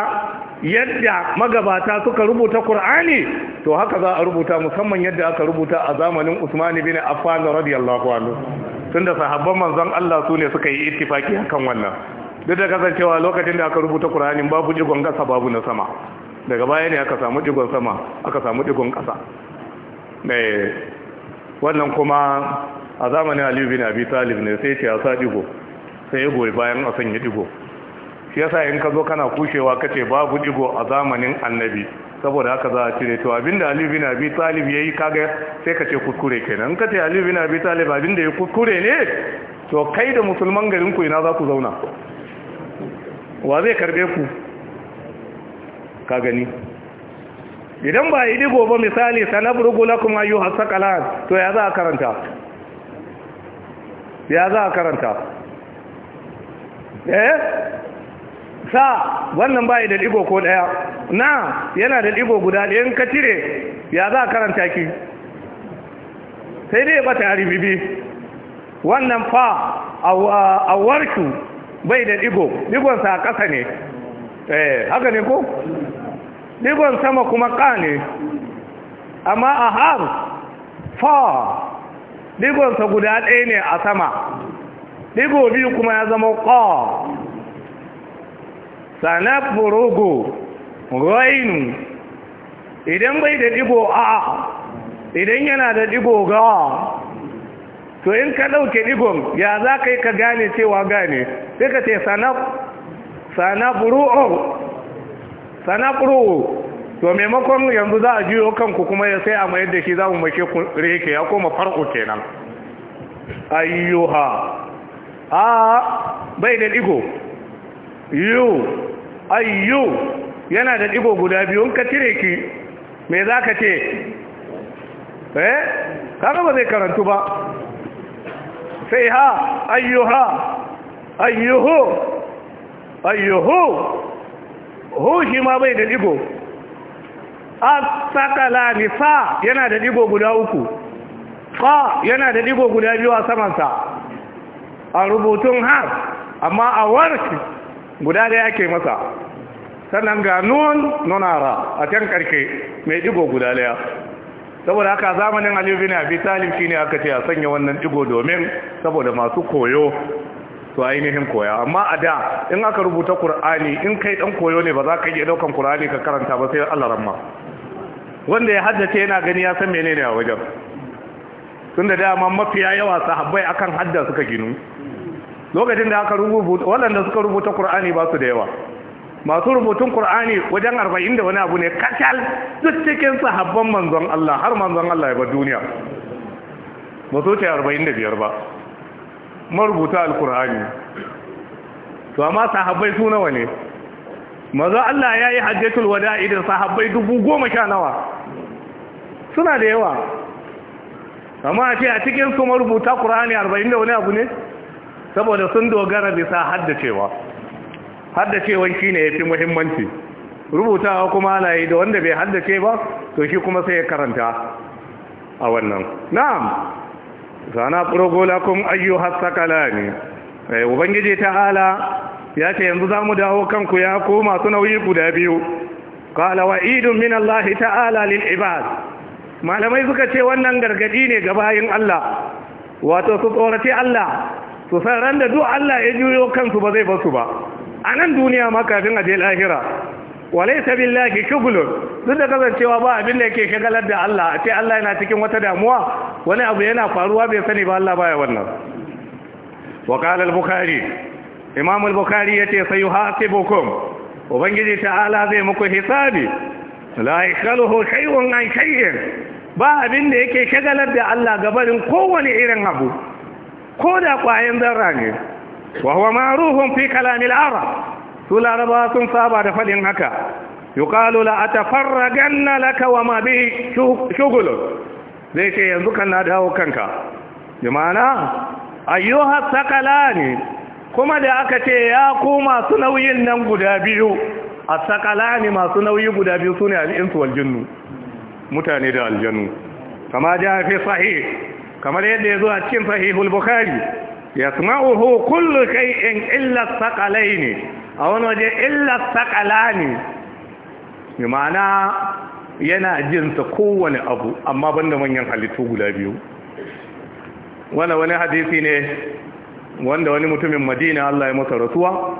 yadda magabata suka rubuta Kur'ani to haka za a rubuta musamman yadda aka rubuta a zamanin Usman bin Affan radiyallahu anhu tunda sahabban manzon Allah su ne suka yi ittifaki akan wannan duk da kasancewa lokacin da aka rubuta Kur'anin babu jigon kasa babu na sama daga baya ne aka samu jigon sama aka samu jigon kasa eh, wannan kuma a zamanin aliyu bin abi talib ne sai ce a sa digo sai ya goyi bayan a sanya digo shi yasa in ka zo kana kushewa ka ce babu digo a zamanin annabi saboda haka za a cire to abinda aliyu bin abi talib yi kaga sai ka ce kuskure kenan ka ce aliyu bin abi talib abinda ya kuskure ne to kai da musulman garin ku ina za ku zauna wa zai karbe ku ka gani idan ba yi digo ba misali sanabrugu lakum ayyuhas saqalan to ya za a karanta ya za a karanta eh sa wannan bai da digo ko daya na yana da digo guda ɗaya in ka cire ya za a karanta ki sai dai bata haribibi wannan fa a warku bai da digo digonsa a ƙasa ne eh haka ne ko digon sama kuma ƙa ne amma a har fa digonsa guda ɗaya ne a sama digo biyu kuma ya zama ƙo sanafurugu rainu idan bai da digo a idan yana da digo ga to in ka ɗauke digon ya za ka yi ka gane cewa gane sai ka ce sanafurugu to maimakon yanzu za a jiyo kanku kuma ya sai a mayar da shi za mu mace ku reke ya koma farko kenan ayyuha a bai da digo yu ayyu yana da digo guda biyu ka cire ki me za ka ce eh kaga ba zai karantu ba sai ha ayyuha ayyuhu ayyuhu hu shi ma bai da digo asakala ni fa yana da digo guda uku fa yana da ɗigo guda biyu a samansa a rubutun har amma a warki guda da yake masa sannan ga nun nunara a can karke mai digo guda daya saboda haka zamanin aliyu bin abi talib ne aka ce a sanya wannan digo domin saboda masu koyo su ainihin koya amma a da in aka rubuta ƙur'ani in kai ɗan koyo ne ba za ka iya ɗaukan ƙur'ani ka karanta ba sai Allah ramma wanda ya haddace yana gani ya san menene a wajen tun da dama mafiya yawa sahabbai akan hadda suka ginu lokacin da aka rubuta waɗanda suka rubuta Kur'ani ba su da yawa masu rubutun Kur'ani wajen arba'in da wani abu ne kacal duk cikin sahabban manzon Allah har manzon Allah ya ba duniya ba su ce arba'in da biyar ba marubuta alkur'ani to amma sahabbai su nawa ne mazo Allah ya yi hajjatul wada idan sahabbai dubu goma sha nawa suna da yawa amma a ce a cikin su marubuta ƙur'ani arba'in da wani abu ne saboda sun dogara bisa haddacewa haddacewan shi ne ya fi muhimmanci rubutawa kuma ana yi da wanda bai haddace ba to shi kuma sai ya karanta a wannan na'am sana furogola kuma ayyuhar sakala ne eh, ubangiji ta'ala ya ce yanzu za mu dawo kanku ya ku masu nauyi guda biyu kala wa idun min Allah ta'ala lil ibad malamai suka ce wannan gargadi ne ga bayin Allah wato su tsorace Allah su san ran da duk Allah ya juyo kansu ba zai basu ba a nan duniya ma kafin a je lahira walaysa billahi shughlun duk da kasancewa ba abin da yake shagalar da Allah a ce Allah yana cikin wata damuwa wani abu yana faruwa bai sani ba Allah baya wannan wa qala al-bukhari imam al-bukhari yace sayuhasibukum ubangiji ta'ala zai muku hisabi la yakhaluhu shay'un an shay'in ba abin da yake shagalar da Allah gabarin kowane irin abu ko da kwayan zarra ne wa huwa ma'rufun fi kalamil arab su laraba sun saba da fadin haka yuqalu la atafarraganna laka wa ma bi shughulun zai ce yanzu kana dawo kanka bi ma'ana ayyuha thaqalani kuma da aka ce ya ku masu nauyin nan guda biyu a ne masu nauyi guda biyu su ne al'insu waljinnu mutane da aljannu kama ja fi sahi kamar yadda ya zo a cikin sahi ya bukhari yasma'uhu kullu shay'in illa ne, a wani waje illa ne mai ma'ana yana jinsa ta kowane abu amma banda manyan halittu guda biyu wani hadisi ne wanda wani mutumin madina Allah ya masa rasuwa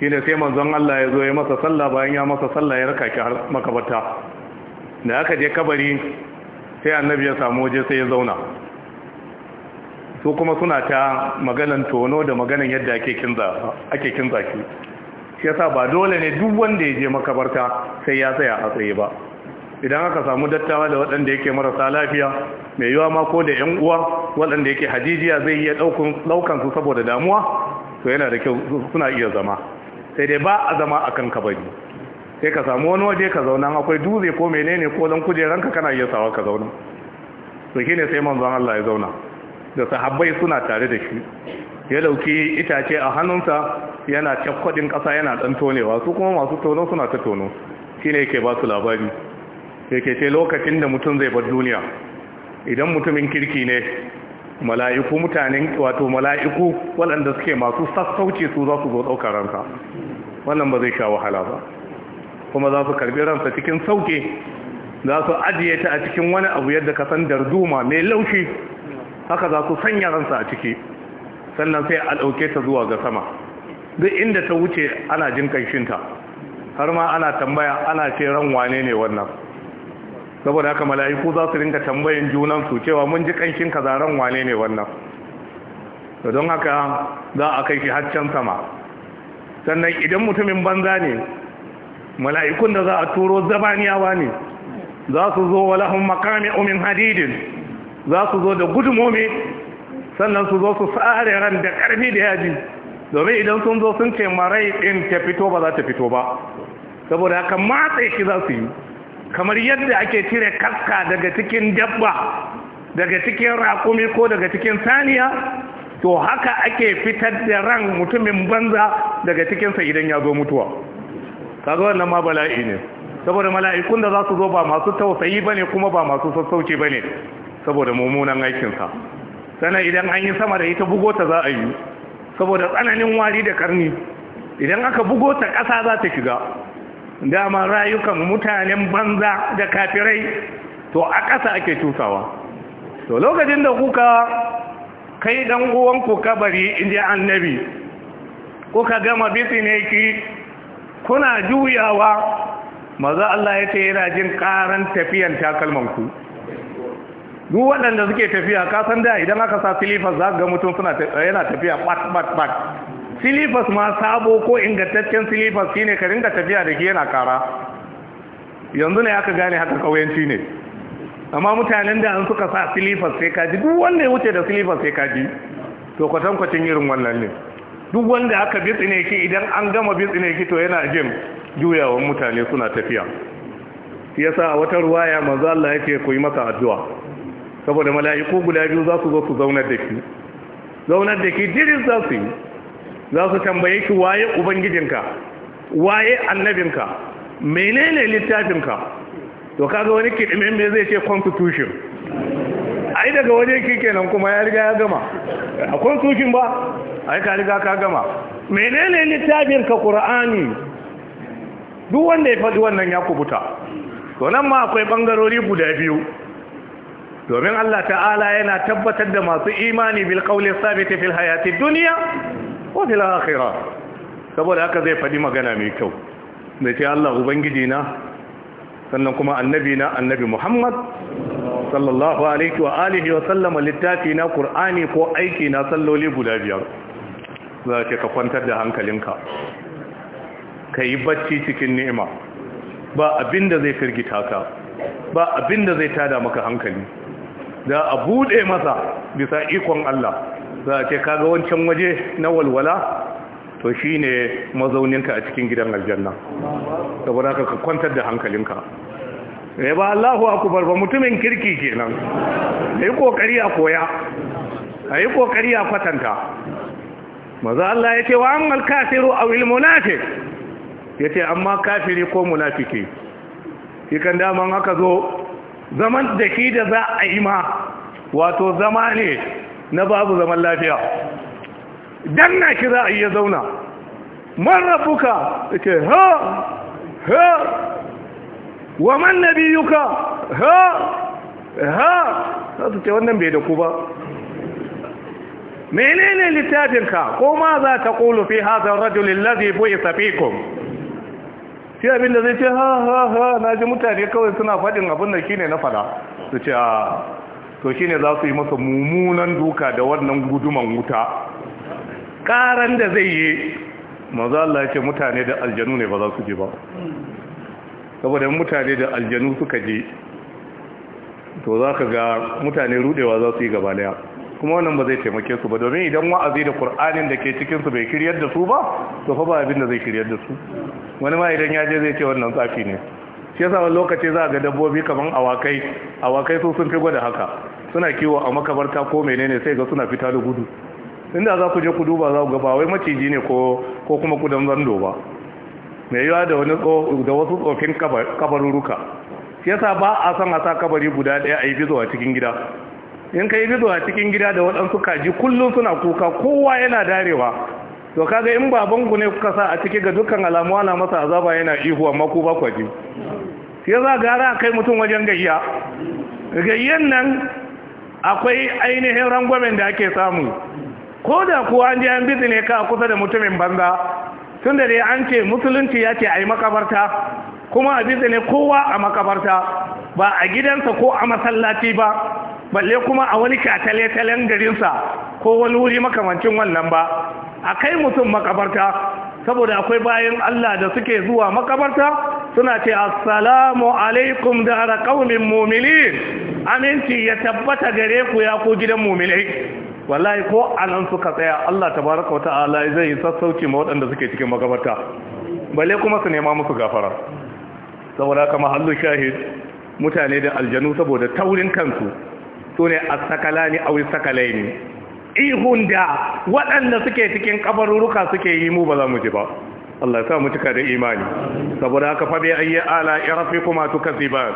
shi ne sai manzon Allah ya zo ya masa sallah bayan ya masa sallah ya raka shi makabarta da aka je kabari sai annabi ya samu waje sai ya zauna su kuma suna ta maganan tono da maganan yadda ake kinza ake shi shi yasa ba dole ne duk wanda ya je makabarta sai ya tsaya a tsaye ba idan aka samu dattawa da waɗanda yake marasa lafiya mai yiwa ma ko da 'yan uwa waɗanda yake hajijiya zai iya ɗaukan su saboda damuwa to yana da kyau suna iya zama sai dai ba a zama a kan bari sai ka samu wani waje ka zauna akwai dutse ko menene ko dan kujeranka kana iya sawa ka zauna to shine sai manzon Allah ya zauna da sahabbai suna tare da shi ya dauki itace a hannunsa yana cakkwadin kasa yana dan tonewa su kuma masu tono suna ta tono shine yake ba su labari yake ce lokacin da mutum zai bar duniya idan mutumin kirki ne mala'iku mutanen wato mala'iku waɗanda suke masu sassauce su za su zo ɗaukar ransa wannan ba zai sha wahala ba kuma za su karbi ransa cikin sauke za su ajiye ta a cikin wani abu yadda ka san darduma mai laushi haka za su sanya ransa a ciki sannan sai a ɗauke ta zuwa ga sama duk inda ta wuce ana jin kanshinta har ma ana tambaya ana ce ran wane ne wannan saboda haka mala'iku za su rinka tambayin junan su cewa mun ji kanshin kazaran wane ne wannan to don haka za a kai shi haccan sama sannan idan mutumin banza ne mala'ikun da za a turo zabaniyawa ne za su zo walahun makami umin hadidin za su zo da gudumomi sannan su zo su tsare ran da ƙarfi da yaji domin idan sun zo sun ce marai in ta fito ba za ta fito ba saboda haka matsayi shi za su yi kamar yadda ake cire kaska daga cikin dabba daga cikin rakumi ko daga cikin saniya to haka ake fitar da ran mutumin banza daga cikinsa idan ya zo mutuwa kaga wannan ma bala'i ne saboda mala'ikun da za su zo ba masu tausayi ba ne kuma ba masu sassauci ba ne saboda mummunan aikinsa sannan idan an yi sama da ita bugo ta za a yi saboda tsananin wari da karni idan aka bugo ta ƙasa za ta shiga dama rayukan mutanen banza da kafirai to a ƙasa ake cusawa to lokacin da kuka kai dan uwanku kabari inda annabi kuka gama bisi ki kuna juyawa maza Allah ya ce yana jin ƙaran tafiyan takalmanku duk waɗanda suke tafiya kasan da idan aka sa filifar za ga mutum yana tafiya bat bat bat silifas ma sabo ko ingantaccen silifas ne ka ringa tafiya da ke yana kara yanzu ne aka gane haka kawayanci ne amma mutanen da an suka sa silifas sai kaji duk wanda ya wuce da silifas sai kaji to kwatankwacin irin wannan ne duk wanda aka tsine ki idan an gama tsine ki to yana jin juyawan mutane suna tafiya shi yasa a wata ruwaya manzo Allah yake ku yi masa addu'a saboda mala'iku guda biyu za su zo su zaunar da ki zaunar da ki diris za su yi za su tambaye ki waye ubangijinka waye annabinka menene littafinka to kaga wani kidimin me zai ce constitution ai daga waje ki kenan kuma ya riga ya gama a constitution ba ai ka riga ka gama menene littafinka qur'ani duk wanda ya faɗi wannan ya kubuta to nan ma akwai bangarori guda biyu domin Allah ta'ala yana tabbatar da masu imani bil qawli sabiti fil hayati dunya wani lahira saboda haka zai faɗi magana mai kyau da ce Allah ubangiji na sannan kuma annabi na annabi Muhammad sallallahu alaihi wa alihi wa sallama littafi na Qur'ani ko aiki na salloli guda biyar za ka kwantar da hankalinka ka yi bacci cikin ni'ima ba abin da zai firgita ka ba abin da zai tada maka hankali da a buɗe masa bisa ikon Allah za a ce kaga wancan waje na walwala to shi ne mazauninka a cikin gidan aljanna saboda ka kwantar da hankalinka ne eh, ba Allahu akubar ba mutumin kirki kenan a yi kokari a koya a yi kokari a kwatanta maza Allah ya ce wa an alkafiru a munafi ya ce amma kafiri ko munafiki shi kan daman haka zo zaman da shi da za a yi ma wato zama ne na babu zaman lafiya na shi za a iya zauna man rabuka ce ha ha wa man nabiyuka ha ha za su ce wannan bai da ku ba menene littafinka ko ma za ta kulu fi hazan rajulin lazi bu'isa fikum shi abin da zai ce ha ha ha na ji mutane kawai suna faɗin abin da kine na fada su ce a ah. to shi ne za su yi masa mummunan duka da wannan guduman wuta ƙaran da zai yi maza Allah ce mutane da aljanu ne ba za su ji ba saboda mutane da aljanu suka ji, to za ka ga mutane rudewa za su yi gaba kuma wannan ba zai taimake su ba domin idan wa'azi da Kur'anin da ke cikinsu bai kiryar da su ba to fa ba abin da zai kiryar da su wani ma idan ya je zai ce wannan tsafi ne shi yasa wani lokaci za a ga dabbobi kamar awakai awakai su sun fi gwada haka suna kiwo a makabarta ko menene sai ga suna fita da gudu inda za ku je ku duba za ku ga ba wai maciji ne ko kuma kudan zando ba mai yawa da wani da wasu tsofin kabaruruka shi yasa ba a san a sa kabari guda ɗaya a yi bizo a cikin gida in ka yi bizo a cikin gida da waɗansu kaji kullum suna kuka kowa yana darewa to kaga in babanku ne kuka sa a ciki ga dukkan alamu ana masa azaba yana ihu amma ku ba kwaji ya za gara a kai mutum wajen gayya gayyan nan akwai ainihin rangwamen da ake samu ko da kuwa an ji an ne ka kusa da mutumin banza tun da dai an ce musulunci ya ce a yi makabarta kuma a ne kowa a makabarta ba a gidansa ko a masallaci ba balle kuma a wani katale-talen garinsa ko wani wuri makamancin wannan ba a kai mutum makabarta saboda akwai bayan Allah da suke zuwa makabarta suna ce assalamu alaikum da kaumin mumilin aminci ya tabbata gare ku ya ku gidan mumilai wallahi ko anan suka tsaya Allah tabaraka wa ta'ala zai yi sassauci ma waɗanda suke cikin makabarta balle kuma su nema musu gafara saboda kama hallu shahid mutane da aljanu saboda taurin kansu su ne a sakalani a sakalai ne ihun da waɗanda suke cikin kabaruruka suke yi mu ba za mu ji ba Allah sa mu cika da imani saboda haka fa bi ayyi ala rabbikuma ba.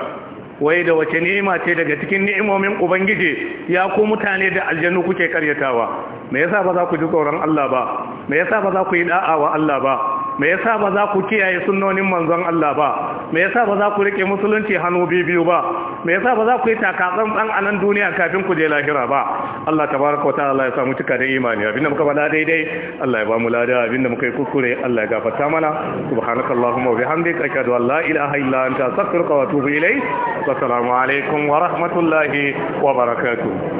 wai da wace ni'ima ce daga cikin ni'imomin ubangiji ya ku mutane da aljannu kuke karyatawa me yasa ba za ku ji tsoron Allah ba me yasa ba za ku yi da'a Allah ba me yasa ba za ku kiyaye sunnonin manzon Allah ba me yasa ba za ku rike musulunci hannu bibiyu ba me yasa ba za ku yi takatsan dan anan duniya kafin ku je lahira ba Allah tabaraka Allah ya samu cika da imani abinda muka faɗa daidai Allah ya ba mu lada abinda muka yi kuskure Allah ya gafarta mana subhanakallahumma wa bihamdika ashhadu an la ilaha illa anta astaghfiruka wa atubu ilayk wa assalamu alaikum wa rahmatullahi wa barakatuh